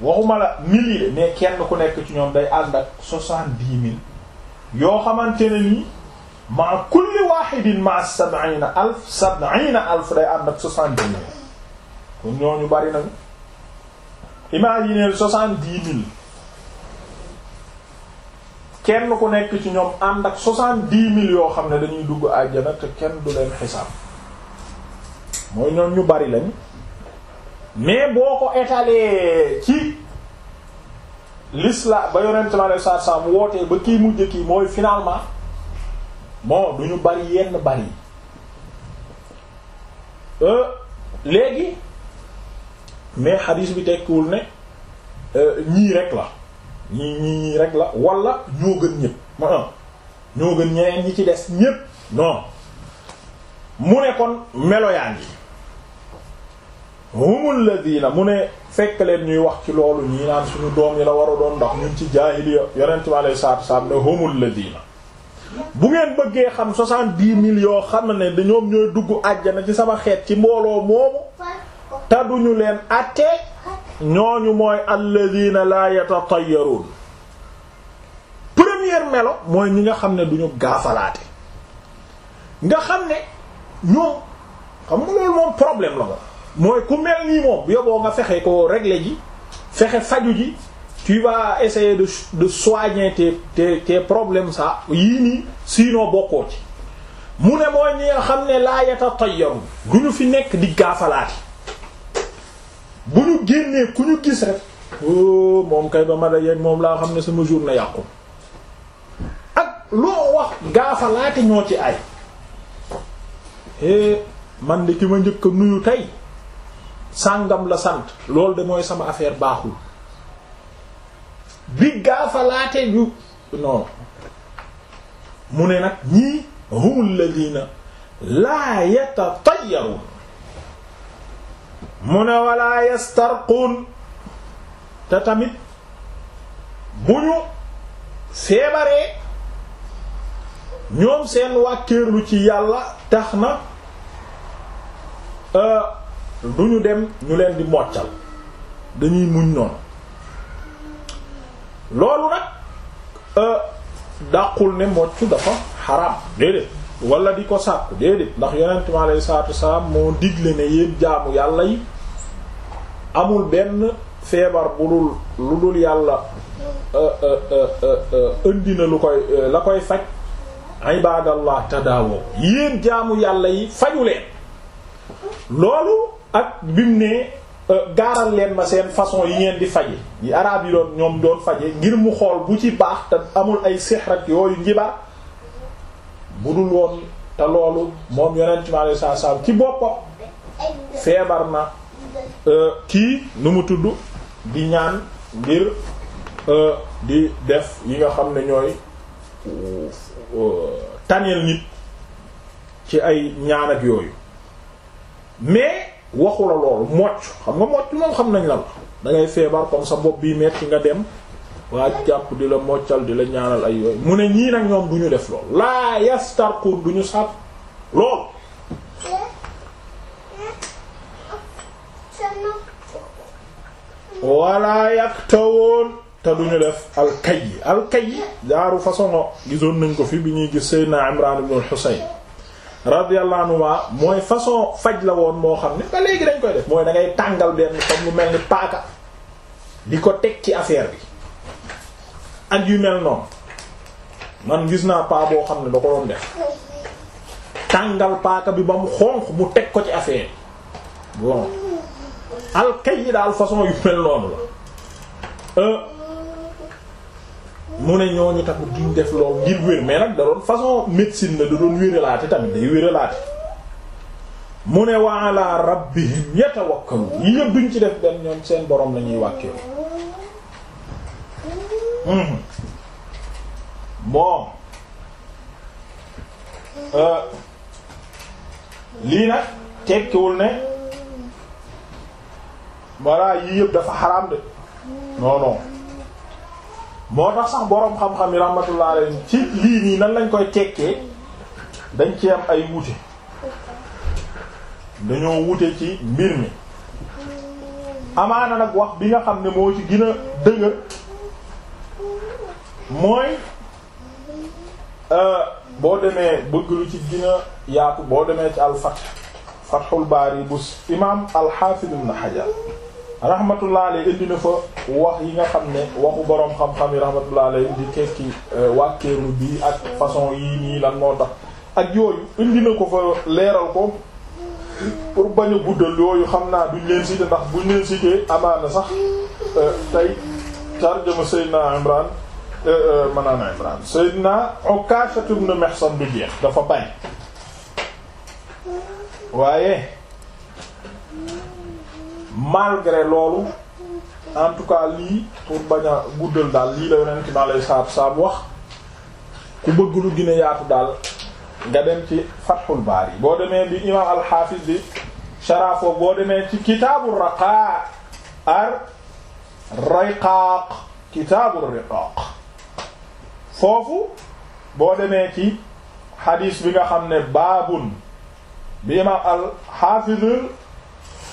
waxuma la milliers mais kenn ku nekk ci ñoom day ànd ak soixante-dix mille yoo xamante ne nii ma kulli wahidin ma sab'ina alf sab'ina alf day ànd ak soixante mil mille kon ñooñu bari nañu imaginez soixante-dix mille kenn ku nekk ci ñoom ànd ak soixante-dix mille yoo xam ne dañuy dugg àjjana te kenn du leen xisaab mooy ñoom ñu bari lañ mais boo ko étaler ci l'islam ba yonent mi alei satu salaam wootee ba kii mujj kii mooy finalement bon du ñu bari yenn bari euh, léegi mais xadiis bi tekkiwul ne euh, ñii rek la ñii ñii rek la walla ñoo gën ñépp ma ñoo gën ñeneen ñi ci des ñépp non mu ne kon melo yaa ngi humul ladina mu ne fekk leen ñuy wax ci loolu ñii naan suñu doom yi la war a doon ndax ñun ci jaahiliya yonent bi alayhi salaatu salaam ne humul ladina bu ngeen bëggee xam soixante-dix mille yoo xam ne dañoom ñooy dugg àjjana ci sama xeet ci mbooloo moomu te duñu leen àtte ñooñu mooy alladina la yatatayyaruun première melo mooy ñi nga xam ne duñu gaafalaate nga xam ne ñoom xam nga loolu moom problème la moom mooy ku mel nii moom yoboo nga fexee ko régler ji fexe faju ji tu vas essayer de de soigner tes tes tes problèmes yii nii sinon bokkoo ci mu ne mooy ñi nga xam ne laa yatatayyaru du ñu fi nekk di gaafalaati bu ñu génnee ku ñu gis rek oh moom kay ba ma da yeeg moom laa xam ne sama jour na yàqu ak loo wax gaafalaati ñoo ci ay eh man de ki ma njëkk a nuyu tey sàngam la sant lool de mooy sama affaire baaxul bi gaafalaate yu mu ne nag ñii humul ladina laa yatatayarun mu ne walaa yastarquun te tamit bu ñu feebaree ñoom seen wàkkeerlu ci yàlla tax na euh, du ñu dem ñu leen di moccal dañuy muñ noonu loolu nag euh, dàqul ne moccu dafa xaraam déedéet wala di ko sàkku déedéet ndax yonent mi alayhi salaatu wasalaam moo digle ne yéen jaamu yàlla yi amul benn feebar bu dul lu dul yàlla euh, euh, indi na lu koy la koy faj ibadallah tadaawoo yéen jaamu yàlla yi faju leen loolu ak bimu ne euh, gaaral leen ma seen façon yi ngeen di faje yi araab yi doon ñoom doon faje ngir mu xool bu ci baax te amul ay sihr ak yooyu njibar bu dul woon te loolu moom yonent mi alayhi salaatu salaam ci boppam feebar na euh, kii nu mu tudd di ñaan ngir euh, di def yi nga xam ne ñooy taneel nit ci ay ñaan ak yooyu mais waxu la loolu mocc xam nga mocc moom xam nañ la la da feebar comme sa bopp bi metti nga dem waa jàpp di la moccal di la ñaanal ay yooyu mu ne ñii nag ñoom du ñu def lool laa yastarqun du ñu sàpp lool walla yaktawoon te du ñu def alkay jaaru façon gisoon nañ ko fii bi ñuy gis Seydina Imran ibn Husayn radiyallahu anhuma mooy façon faj la woon moo xam ne ba léegi dañ koy def mooy da ngay tàngal benn comme lu mel ni paaka di ko teg ci affaire bi ak yu mel noonu man gis naa paa boo xam ne da ko doon def tàngal paaka bi ba mu xonq mu teg ko ci affaire bi bon alkay yi daal façon yu mel noonu la euh, mu ne ñooñu tamit duñ def lool ngir wér mais nag da doon façon médecine na da doon wéralaate tamit day wéralaate mu ne wa ala rabbihim yatawakkalu yi yëpp duñ ci def benn ñoom seen boroom la ñuy wàkkee hmm. bon euh, lii nag tekkiwul ne voilà yi yëpp dafa xaraam de non moo tax sax boroom xam-xam yi rahmatullah alayhi ci lii nii nan lañ koy tekkee dañ ci am ay wuute dañoo wuute ci mbir mi amaana nag wax bi nga xam ne moo ci gën a dëgër mooy euh, boo demee bëgg lu ci gën yaaku boo demee ci al fath fathul baari bu imam al-Hafiz ibn Hajar rahmatullah alayhi indi na fa wax yi nga xam ne waxu boroom xam-xam yi rahmatullah alayhi di tekki euh, wàkkeeru bi ak façon yii nii lan moo tax ak yooyu indi na ko fa leeral ko pour bañ a guddal yooyu xam naa duñ leen cité ndax buñ leen amaana sax euh, tey tarjuma Seydina Imran euh, maanaam Imran Seydina Ukasha ibn Mihsan du jeex dafa bañ waaye malgré loolu en tout cas lii pour bañ guddal daal lii la yonent bi alayhi salaatu salaam wax ku bëgg lu gën yaatu daal nga dem ci Fathul Baari boo demee bi imam al-Hafiz bi sharafo boo demee ci kitaabu raqaa ar rayqaaq kitaabu riqaaq foofu boo demee ci xadiis bi nga xam ne baabun bi imam al-Hafiz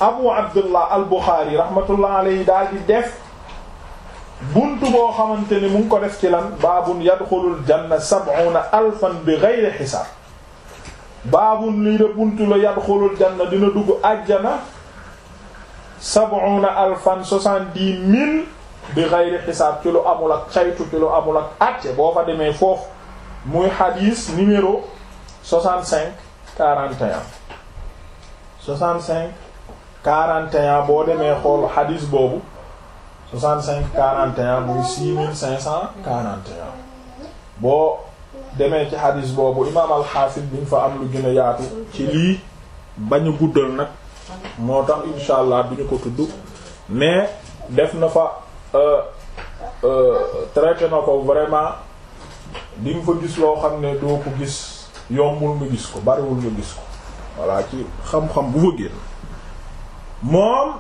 abu abdullah al buxaari rahmatullah alayhi daal di def buntu boo xamante ni mu ngi ko def ci lan baabun yadxulul janna sab'una alfan bi ghayri xisaab baabun lii de buntu la yadxulul janna dina dugg àjjana sab'una alfan soixante-dix mille bi ghayri xisaab ci lu amul ak saytu ci lu amul ak àtte boo fa demee foofu muy xadiis numéro quarante et quarante et boo demee xool xadis boobu soixante-cinq quarante et un muy six mille cinq cent quarante et boo demee ci xadis boobu imaam alxaafis bi ñu fa am lu gën a yaatu ci lii bañu guddal nag moo tax insha allah du ñu ko tudd mais def na fa euh, euh, traité na ko vraiment di nga fa gis loo xam ne doo ko gis yombul nga gis ko bariwul nga gis ko voilà ci xam-xam bu fa génn moom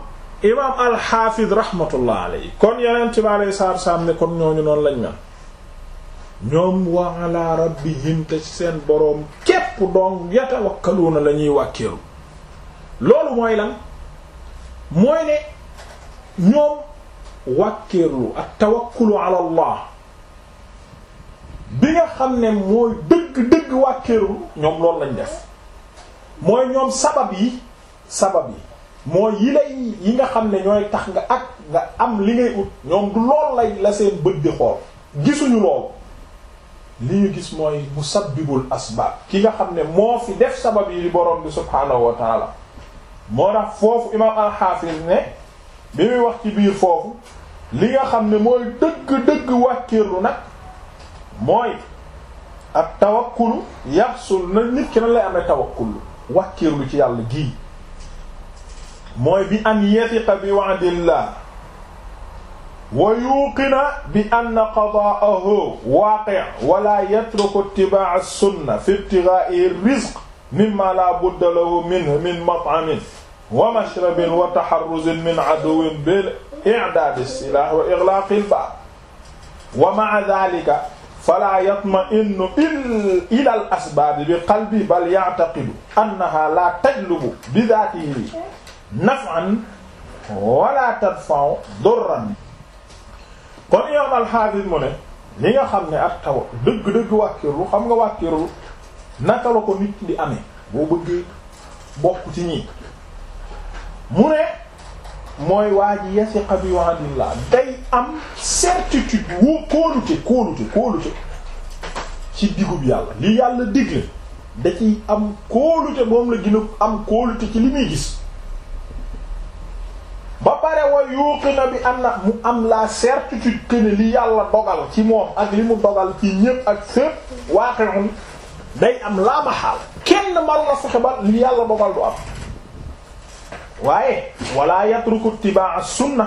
imaam alxaafiz rahmatullah aley kon yeneen ci baalay saar saam ne kon ñooñu noonu lañ mel ñoom wa ala rabbihim te ci seen boroom képp dong yatawakkaluuna la ñuy wàkkeeru loolu mooy lan mooy ne ñoom wàkkeerlu ak tawakkulu ala allah bi nga xam ne mooy dëgg-dëgg wàkkeerlu ñoom loolu lañ def mooy ñoom sabab yi sabab yi mooy yi lay yi nga xam ne ñooy tax nga ak nga am li ngay ut ñoom du lool lay la seen bët di xool gisuñu loolu li ñu gis mooy musabbibul asbaab ki nga xam ne moo fi def sabab yi borom bi subhaanahu wa taala moo tax foofu imaam alxaafis ne bi muy wax ci biir foofu li nga xam ne mooy dëgg-dëgg wàkkirlu nag mooy ak tawakkulu yaxsul na nit ki na lay amee tawakkulu wàkkirlu ci yàlla gii mooy bi an yathiqa bi wa'dillah wa yuqina bi anna qada'ahu waqi' wa la yatruku ittiba' as-sunna fi ibtigha'i ar-rizq mimma la budda lahu minhu min mat'amin wa mashrabin wa taharruzin min 'aduwwin bil i'dad as-silah wa ighlaq al-bab wa ma'a dhalika fala yatma'innu ila al-asbab bi qalbi bal ya'taqidu annaha la tajlubu bi dhatihi naf'an wala tadfa'u durran kon imaam alxaafis mu ne li nga xam ne ak taw dëgg-dëgg wàkkirlu xam nga wàkkirlu naka la ko nit di amee boo bëggee bokk ci ñii mu ne mooy waa ji yasiqa bi wa'dillah day am certitude woo kóolute kóolute kóolute ci digub yàlla li yàlla digle da ciy am kóolute moom la gën am kóolute ci li muy gis ba pare wa yuqina bi am na mu am la certitude que ne li yàlla dogal ci moom ak li mu dogal ci ñépp ak fépp waaqi'un day am laa maxaal kenn manu la fexe ba li yàlla dogal du am waaye wala yatruku ittiba'a sunna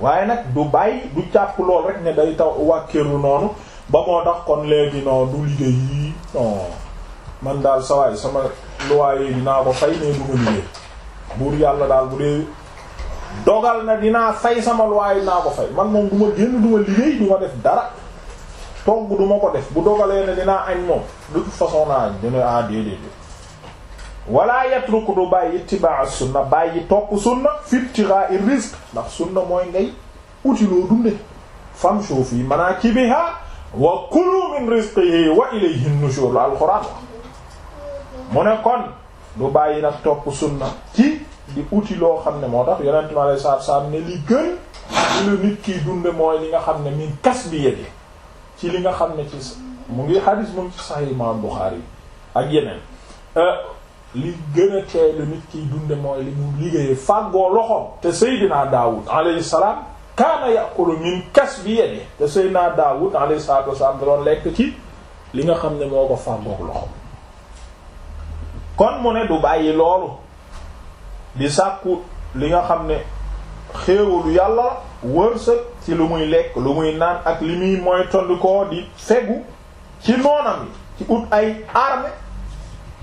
waaye nag du bàyyi du jàpp lool rek ne day taw wàkkeeru noonu ba moo tax kon léegi non du liggéey yii non man daal sawaay sama luwaaye dinaa ko fay ne du ma liggéey buur yàlla daal bu dee dogal na dinaa fay sama loyer naa ko fay man moom du ma génn du ma liggéey du def dara togg du ko def bu dogalee ne dinaa añ moom de toute façon naa añ dina ah déedéet wala yatruku du bàyyi ittiba sunna bàyyi topp sunna fitira i risque ndax sunna mooy ngay uti loo dunde famshu fi manakibiha wa kulu min rizqihi wa ilayhi nushur alxuraan mu ne kon du bàyyi nag topp sunna ci di uti loo xam ne moo tax yonent mi alayhi salaatu salaam ne li gën ci nit kiy dunde mooy li nga xam ne min kas bi yëge ci li nga xam ne ci mu ngi xadis mu ngi ci Sahih Imam Bukhari ak yeneen euh, li gën a teey lu nit kiy dunde mooy li mu liggéeye fàggoo loxo te Seydina Daawud alayhi salaam kaana yaqulu min kas bi yëge te Seydina Daawud alayhi salaatu wasalaam da doon lekk ci li nga xam ne moo ko fàggoog loxoom kon mu ne du bàyyi loolu li sàkku li nga xam ne xéewalu yàlla wërsëg ci lu muy lekk lu muy naan ak li muy mooy tond koo di fegu ci noonam yi ci ut ay armée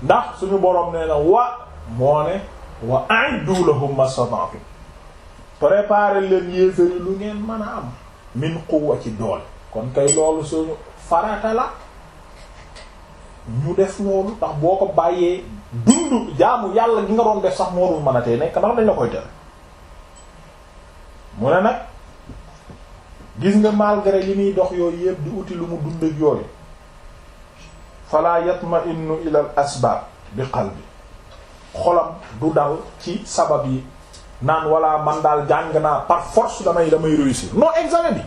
ndax suñu boroom nee na wa moo ne wa a'iddu lahum mastata'tum préparer leen yéefari lu ngeen mën a am min quwwa ci doole kon kay loolu suñu farata la ñu def loolu ndax boo ko bàyyee dund jaamu yàlla gi nga doon def sax moo dul mën a nekk ndax dañ la koy tere mu ne nag gis nga malgré li muy dox yooyu yëpp di uti lu mu dund ak yooyu fala yatma'innu ila al asbab bi qalbi du dal ci sabab yi naan wala man daal jàng naa par force damay damay réussir non examen bi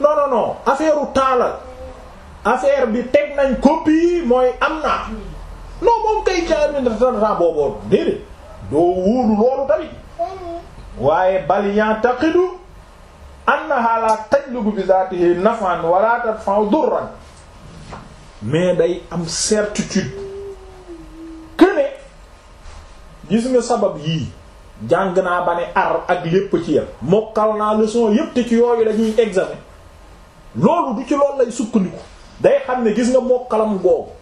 non non non affaire u bi teg nañ copie mooy am naa non moom kay jaar nañ dafa booboo déedéet doo wóolu loolu tamit waaye bal yantaqidu annaha la tajlubu bi zatihi nafan wala tadfa'u durran mais day am certitude que ne gis nga sabab yii jàng naa ba ne ar ak lépp ci yam mokkal naa leçon yépp te ci yooyu dañuy examen loolu du ci loolu lay sukkandiku day xam ne gis nga mokkalam googu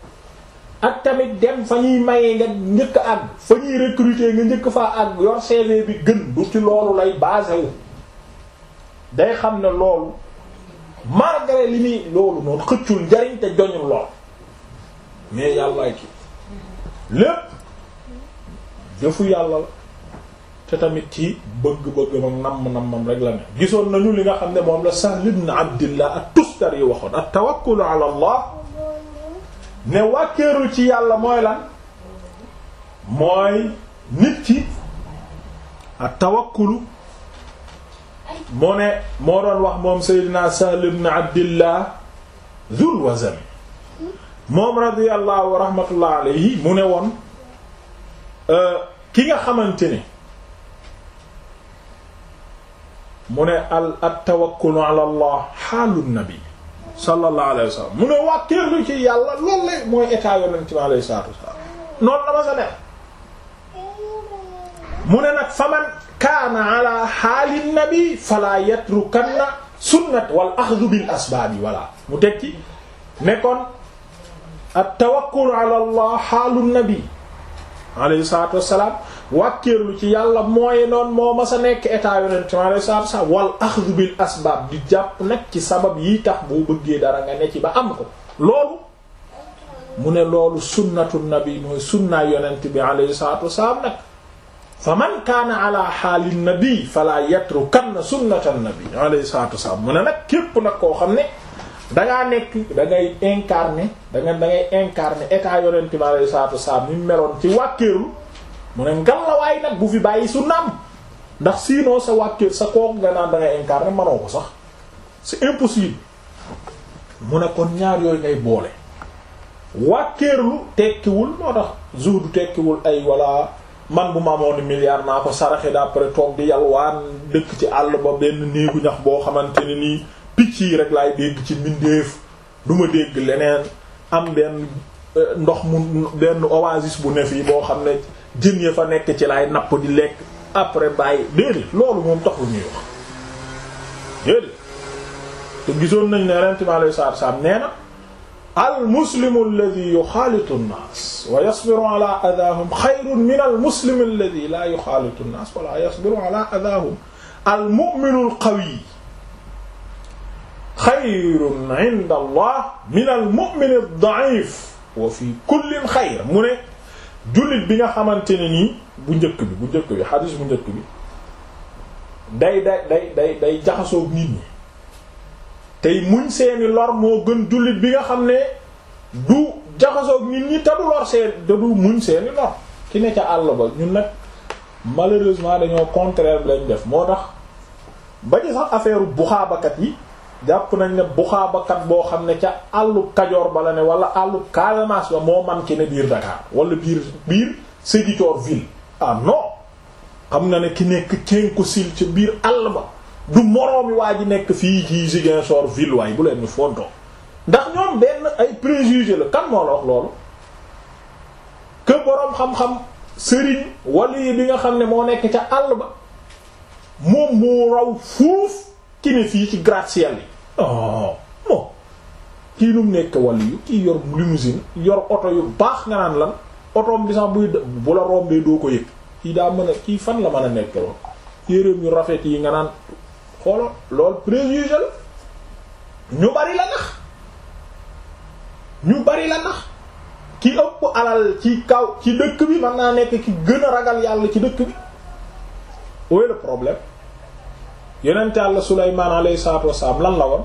ak tamit dem fa ñuy mayee nga njëkk àgg fa ñuy recruter nga njëkk faa àgg yor CV bi gën bu ci loolu lay basé wu day xam ne loolu malgré li muy loolu noonu xëccul njariñ te joñul lool mais yàllaay ki lépp jëfu yàlla la te tamit ci bëgg-bëgg mam namm-nammam rek la ne gisoon nañu li nga xam ne moom la Sahl ibn Abdillah at-Tustari waxoon at-tawakkul ala Allah ne wàkkeeru ci yàlla mooy la mooy nit ki ak mu ne moo doon wax moom Seydina Sahl ibn Abdillah Zul Wazn moom radiyallahu wa alayhi mu ne woon euh, ki nga xamante ni mu ne al at tawakkulu ala Allah xaalu nabi sallallahu alayhi wa sallam mu ne wàkkeerlu ci yàlla loolu la mooy état yonent bi alayhi salaatu wasalaam noonu la ma sa nekk mu ne nag faman kaana ala xaali nabi fala yatrukanna sunnat wal axdu bil asbaabi voilà mu teg ci nekkoon at tawakkul ala allah xaalu nabi alayhi salaatu wasalaam wàkkeerlu ci yàlla mooy noonu moo ma sa nekk état yonent mi alei salatu salam wal axdu bil asbaab di jàpp nag ci sabab yi tax boo bëggee dara nga ne ci ba am ko loolu mu ne loolu sunnatu nabi mooy sunnaa yonent bi alayhi salatu wasalaam nag fa man kaana ala xaali nabi fala na sunnata nabi alayhi salatu wasalaam mu ne nag képp nag koo xam ne dangaa nekk da ngay incarner danga da ngay incarner état yonent bi alayhi salatu wasalaam ni meloon ci wàkkeerlu mu ne ngan la waay nag bu fi bàyyi su naam ndax sinon sa wàkkee sa kooku nga naan da ngay manoo ko sax si impossible mu ne kon ñaar yooyu ngay boole wàkkeerlu tekkiwul moo tax zuhdu tekkiwul ay walla man bu ma amoon milliard naa ko saraxe d'après toog di yalwaan dëkk ci àll ba benn néegu ñax boo xamante ne nii picc yi rek laay dégg ci mbindeef duma dégg leneen am benn euh, ndox mu benn oasis bu ne fii boo xam ne jën ya fa nekk ci laay napp di lekk après bàyyi déedéet loolu moom taxul ñuy wax déedéet te gisoon nañ ne Yonent bi alayhi salaatu salaam nee na al muslimu alladhi yukhalitu an-nas wa yasbiru ala adahum xayrun min al muslimi alladhi la yukhalitu an-nas wa la yasbiru ala adahum al mu'minu al qawi xayrun inda Allah min al mu'mini ad-da'if wa fi kulli xayr mu ne jullit bi nga xamante ne nii bu njëkk bi bu njëkk bi xadis bu njëkk bi day day day day day jaxasoog nit ñi tey muñ seeni lor moo gën jullit bi nga xam ne du jaxasoog nit ñi te du lor seen te du muñ seeni lor ki ne ca àll ba ñun nag malheureusement dañoo contraire bi lañ def moo tax ba ci sax affaire buxaabakat yi jàpp nañ ne buxaabakat boo xam ne ca àllu Kajoor bala ne wala àllu Casamance moo man ki ne biir Dakar wala biir biir Ziguinchor ville ah xam nga ne ki nekk Ceenku Sil ca biir àll ba du waa ji nekk fii ci Ziguinchor ville waaye bu leen ñu fontoo ndax ñoom benn ay préjugé la kan loolu que boroom xam-xam sëriñ wali nga xam ne moo nekk ca àll ba moom moo raw fuuf ki ne fii ci gratte-ciel non ah, non kii nu mu nekk wàllu kii yor limousine yor oto yu baax nga naan lan otoom bi sax buy bu la rombee doo ko yëg kii daa mën a kii fan la mën a nekkee lool yéreem yu rafet yi nga naan xoolal lool préjugé ñu bari la nax ñu bari la nax ki ëpp alal ci kaw ci dëkk bi mën naa nekk ki gën a ragal yàlla ci dëkk bi où est problème yonent Yàlla Suleymaan alayhi salaatu wassalaam lan la woon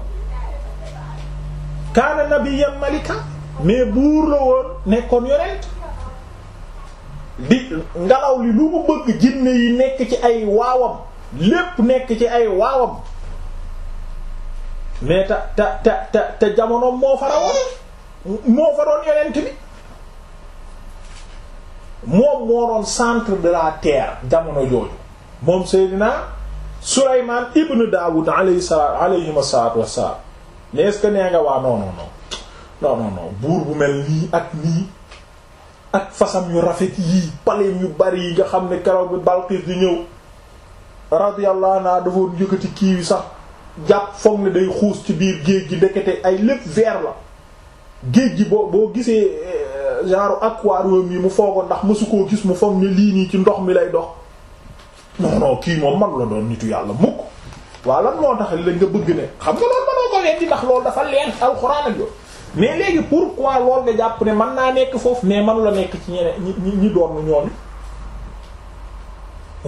kaana nabiyyan malika mais buur la woon nekkoon yonent di ngelaw li lu mu bëgg jinne yi nekk ci ay waawam lépp nekk ci ay waawam mais te te te te te moo fa rawoon moo fa doon yonent bi moom moo doon centre de la terre jamono jooju moom Seydina Souleymane ibn Daoud alayhi salaam alayhima salaatu wassalaam mais est-ce que nee nga waa non non non non non non buur bu mel nii ak nii ak fasam yu rafet yii paleem yu bari yi nga xam ne keroog bi Balqiis di ñëw radiyallahu naa dafa yëkkati kii wi sax jàpp foog ne day xuus ci biir géej gi ndekete ay lépp verre la géej gi boo boo gisee euh, genre aquarium yi mu foogoon ndax mësu koo gis mu foog ne lii nii ci ndox mi lay dox. non non kii moom man la doon nitu yàlla mukk waaw lan moo tax la nga bëgg ne xam nga loolu mënoo ko weddi ndax loolu dafa leen alxuraan ak yoon mais léegi pourquoi lool nga jàpp ne man naa nekk foofu mais manu la nekk ci ñeneen ñi ñi doon ñoom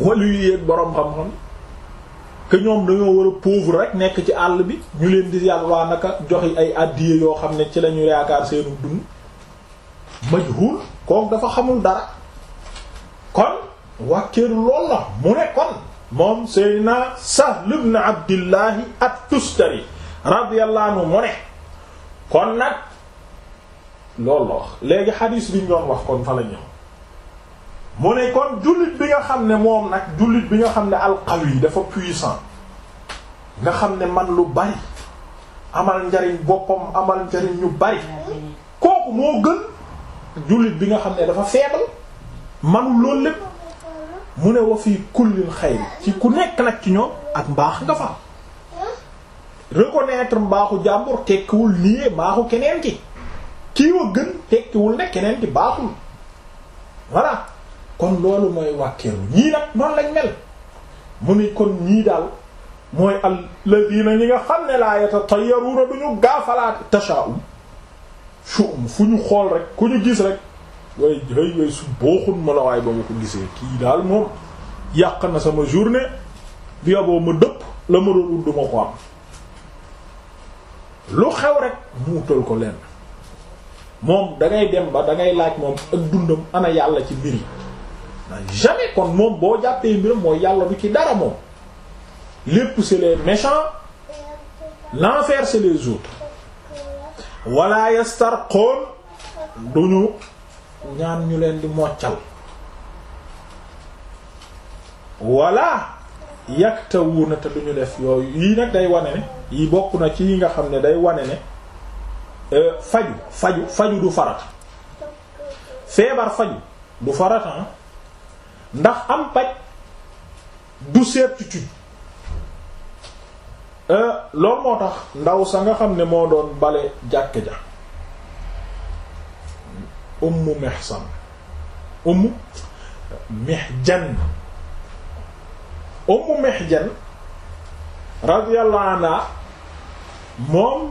walu yu yéeg boroom xam-xam que ñoom dañoo war a rek nekk ci àll bi ñu leen di yàlla waa naka joxe ay addiye yoo xam ne ci la ñu yaakaar seenu dund majhul kooku dafa xamul dara kon wàkkeeru lool la mu ne kon moom Seydina Sahl ibn Abdillahi at-Tustari radiyallahu anhu mu ne kon nag loolu la léegi xadiis biñ ñu wax kon fa la ñëw mu ne kon jullit bi nga xam ne moom nag jullit bi nga xam ne yi dafa puissant nga xam ne man lu bari amal njariñ boppam amal njariñ ñu bari kooku moo gën jullit bi nga xam ne dafa faible manu loolu lépp mu ne wa fi kullil xayri ci ku nekk nag ci ñoom ak mbaax nga fa reconnaître mbaaxu jàmbur tekkiwul nii mbaaxu keneen ki kii wa gën tekkiwul ne keneen ki baaxul voilà kon loolu mooy wàkkeeru ñii nag noonu lañ mel mu ni kon ñii daal mooy alladina ñi nga xam ne laa yatatayyaruuna du ñu gaafalaat tashaa'um shu'um fu ñu xool rek ku ñu gis rek way hëy way su booxun ma la waaye ba ma ko gisee kii daal moom yàq na sama journée bi yoboo ma dëpp la ma doon duma ko am lu xew rek mu ko lenn moom dangay dem ba dangay laaj moom ak dundam ana yàlla ci mbir yi jamais kon moom boo jàppee mbiram mooy yàlla du ci dara moom lépp c'est les méchants l'enfer c'est les autres wala yastarqoon duñu ñaan ñu leen di moccal walla yaktawuna te duñu def yooyu yii nag day wane ne yi bokk na ci yi nga xam ne day wane ne euh, faju faju faju du farata feebar faju du farata ah. ndax am paj du certitude euh, loolu moo tax ndaw sa nga xam ne moo doon bale jàkk ja ummu mihsan ummu mihjan ummu mihjan radiyallahu anha moom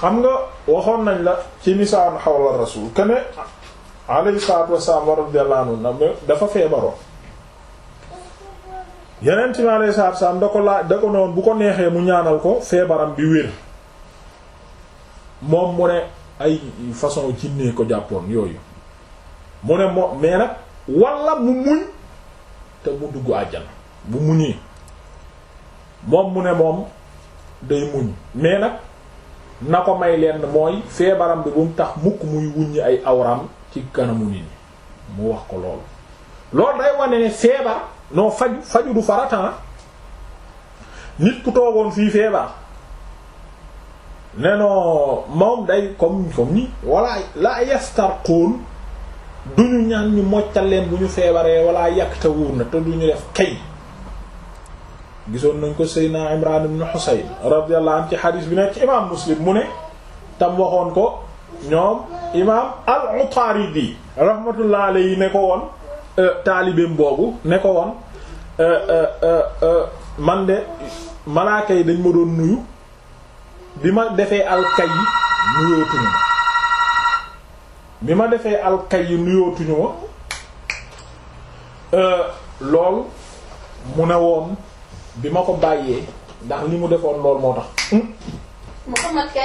xam nga waxoon nañ la ci nisaan xawla rasul kene alayhi salaatu wasalaam wa radiyallahu anhu dafa feebaroon yeneen ci alayhi salaatu wasalaam da ko laa da ko noonu bu ko neexee mu ñaanal ko feebaram bi wér moom mu ne ay façon jinnee ko jàppoon yooyu mu ne moo mais nag wala mu muñ te mu dugg àjjana bu muñee moom mu ne moom day muñ mais nag na ko may lenn mooy feebaram bi bu mu tax mukk muy wuññi ay awram ci kanamu nit ñi mu wax ko loolu loolu day wane ne feebar non faju faju du farata ah. nit ku toogoon fii feebar nenoo moom day comme comme ni wala la yastarquun du ñu ñaan ñu moccal leen bu ñu feebaree wala yaktawuun na te du ñu def kay gisoon nañ ko Seydina Imran ibn Husayn radiyallahu anhu ci xadiis bi nekk ci imaam Muslim mu ne tam waxoon ko ñoom imaam al-Utaridi rahmatullah alayhi ne ko woon euh, taalibeem boobu ne ko woon euh, euh, man de malaaka yi dañ ma doon nuyu bi ma defee alkay yi nuyootuñu ma bi ma defee alkay yi nuyootuñu ma euh, lool mu ne woon bi ma ko bàyyee ndax li mu defoon lool moo tax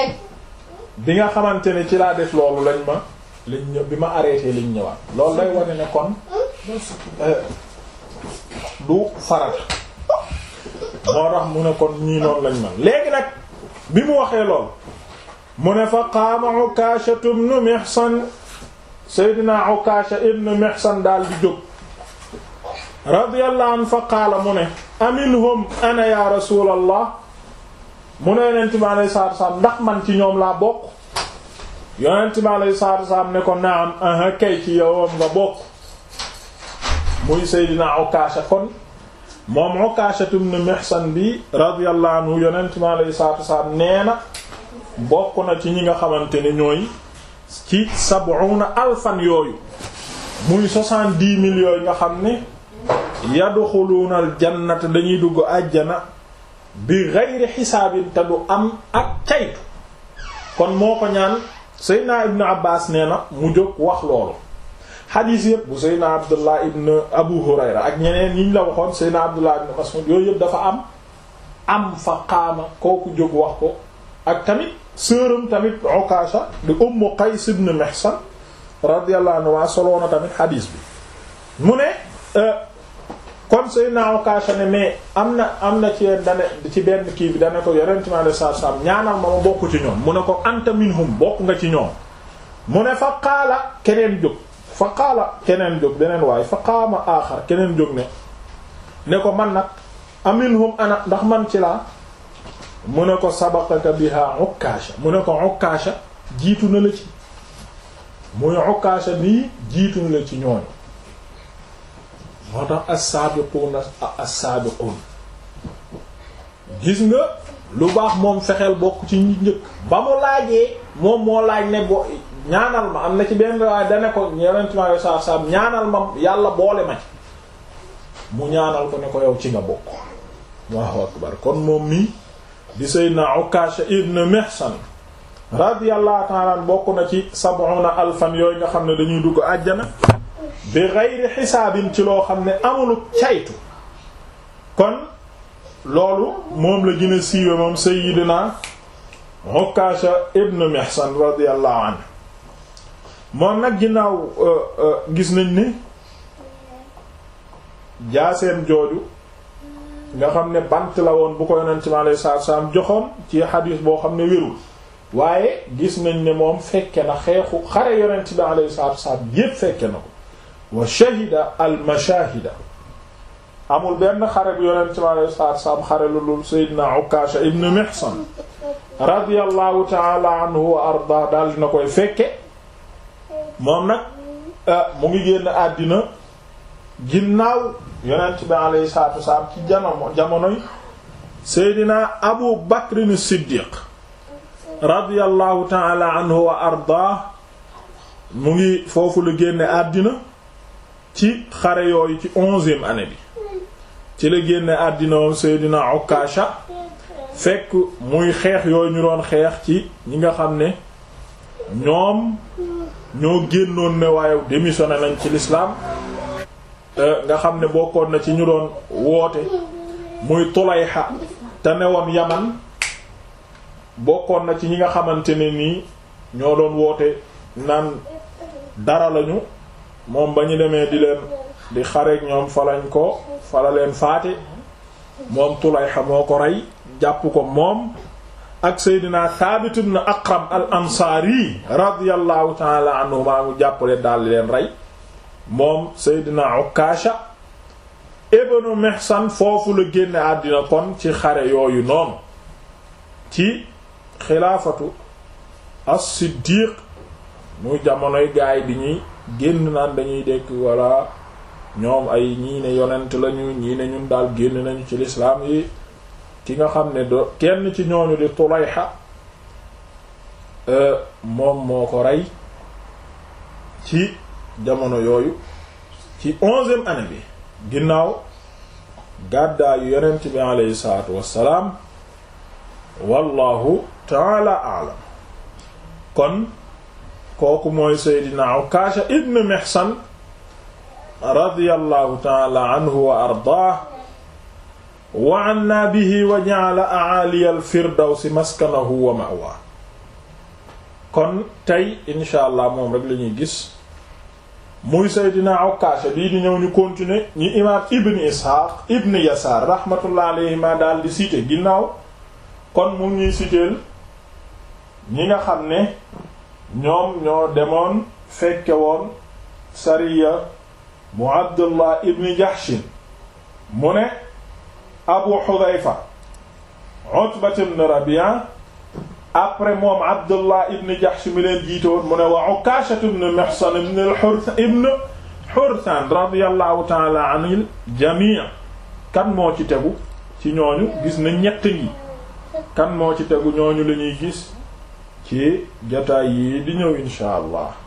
bi nga xamante ne ci laa def loolu lañ ma lañ ñëw bi ma arrêté lañ ñëwaat loolu lay wane ne kon euh, du farata moo tax mu ne kon ñii lañ man léegi nag bi mu waxee lool mu ne fa qaama Ukaasha ibn Mihsan Seydina Ukaasha ibn Mihsan daal di jóg radiyallahu anhu fa qaala mu ne aminhum ana ya rasulallah mu ne yonent bi alayhi salaatu wasalaam ndax man ci ñoom laa bokk yonent bi alayhi salaatu wasalaam ne ko naam aha kay ci yowam nga bokk muy Seydina Ukaasha kon moom Ukaashatum ne Mihsan bi radiyallahu anhu yonent mi alayhi salaatu nee na bokk na ci ñi nga xamante ne ñooy ci sab'una alfan yooyu muy soixante-dix mille yooyu nga xam ne yadxuluuna aljannata dañuy dugg àjjana bi ghayri xisaabin te du am ak caytu kon moo ko ñaan Seydina Ibnu Abbaas nee na mu jóg wax loolu xadiis yëpp bu Seydina Abdullah ibn Abu Hurayra ak ñeneen ñi ñu la waxoon Seydina Abdullah ibn Mas'ud yooyu yëpp dafa am am fa qaama kooku jóg wax ko ak tamit sëram tamit Ukaasha di Ummu Qays ibn Mihsan radiyallahu anha soloo na tamit xadiis bi mu ne euh, kon Seydina Ukaasha ne mais am na am na ci dane ci benn kii bi dane ko yorentement de sar sam ñaanal ma ma bokk ci ñoom mu ne ko anta minhum bokk nga ci ñoom mu ne fa qaala keneen jóg fa qaala keneen jóg beneen waay fa aaxar keneen jóg ne ne ko man nag aminhum ana ndax man ci laa mu ne ko sabaqaka biha Ukkaasha mu ne ko Ukkaasha jiitu na la ci jiitu na la ci ñooñu moo tax as-saabiquuna as-saabiquun gis nga lu baax moom fexeel bokk ci njëkk ba mu laajee moom moo laaj ne bo ñaanal ma am na ci benn waaye dane ko yorentement yo saar ñaanal ma yàlla boole ma ci mu ñaanal ko ne ko yow ci nga bokk Allahu akbar kon moom mii di Seydina Ukasha ibn Mihsan radiyallahu bokk na ci sab'una alfan yooyu nga xam ne dañuy dugg àjjana bi ghayri xisaabin ci loo xam ne amulu caytu kon loolu moom la gën a moom Seydina Ukasha ibn Mihsan radiyallahu moom nag ginnaaw euh, euh, gis nañ ni jaaseem jooju nga xam ne bant la woon bu ko yonent mi alayhi salaatu salaam ci xadiis boo xam ne wérul waaye gis nañ ne moom fekke na xeexu xare yonent bi alayhi salaatu salaam yépp fekke na ko wa shahida al amul benn xare bu yonent mi alayhi salaatu salaam xare lu lul Seydina Ukaasha ibn Mihsan radiyallahu ta'ala anhu wa arda daal dina koy fekke moom nag ah, mu ngi génn àddina ginnaaw yonent bi alayhi salaatu wasalaam ci jamono jamonoy seydina abu bakrin siddiq radiyallahu taala anhu wa ardaa mu ngi foofu la génne àddina ci xare yooyu ci onzième année bi ci la génne àddina moom seydina Ukkaasha fekk muy xeex yooyu ñu doon xeex ci ñi nga xam ne ñoom ñoo génnoon ne waaye démissionné nañ ci lislaam nga xam ne bokkoon na ci ñu doon woote muy Tulayha te newoon Yaman bokkoon na ci ñi nga xamante ne nii ñoo doon woote naan dara lañu moom ba ñu demee di leen di xareek ñoom falañ ko fala leen faate moom Tulayha moo ko rey jàpp ko moom ak seydina Thabit ibn Aqram al ansaari radiyallahu taala mu jàppale daal leen rey moom seydina Ukkaasha ibnu Mihsan foofu la génne àddina kon ci xare yooyu noonu ci xilaafatu as-Siddiq muy jamonoy gaay bi ñuy génn naan dañuy dekk walla ñoom ay ñii ne yonent lañu ñii ne ñun daal génn nañu ci lislaam yi ki nga xam ne do kenn ci ñooñu di Tulayha e, moom ci jamono yooyu ci onzième année bi ginnaaw gàddaayu yonent bi aleyhi salaatu wassalaam wallahu taala aalam kon kooku mooy Seydina Ukaasha ibn Mihsan radiyallahu taala anhu wa ardaah wa anna bihi wa ja'ala a'ali al si maskanahu wa ma'wa kon tey insha moom rek la gis muy Seydina Okkaasha bii di ñëw ñu continuer ñu imaam Ibn Ishaq Ibn Yasaar rahmatullah alayhima daal di ginnaaw kon mu ñuy citeel ñi nga xam ne ñoom ñoo demoon fekke woon sariya mu Abdullah Ibn Jahshin mu ne abu xudayfa utbat ibn rabia après moom abdullah ibn jahsh mi leen jiitoon mu ne wa ukaashat ibn mihsan ibn al-hurth ibn hurthan radiyallahu ta'ala kan moo ci tegu ci ñooñu gis na ñett ñi kan moo ci tegu ñooñu la ñuy gis ci jotaay yi di ñëw insha allah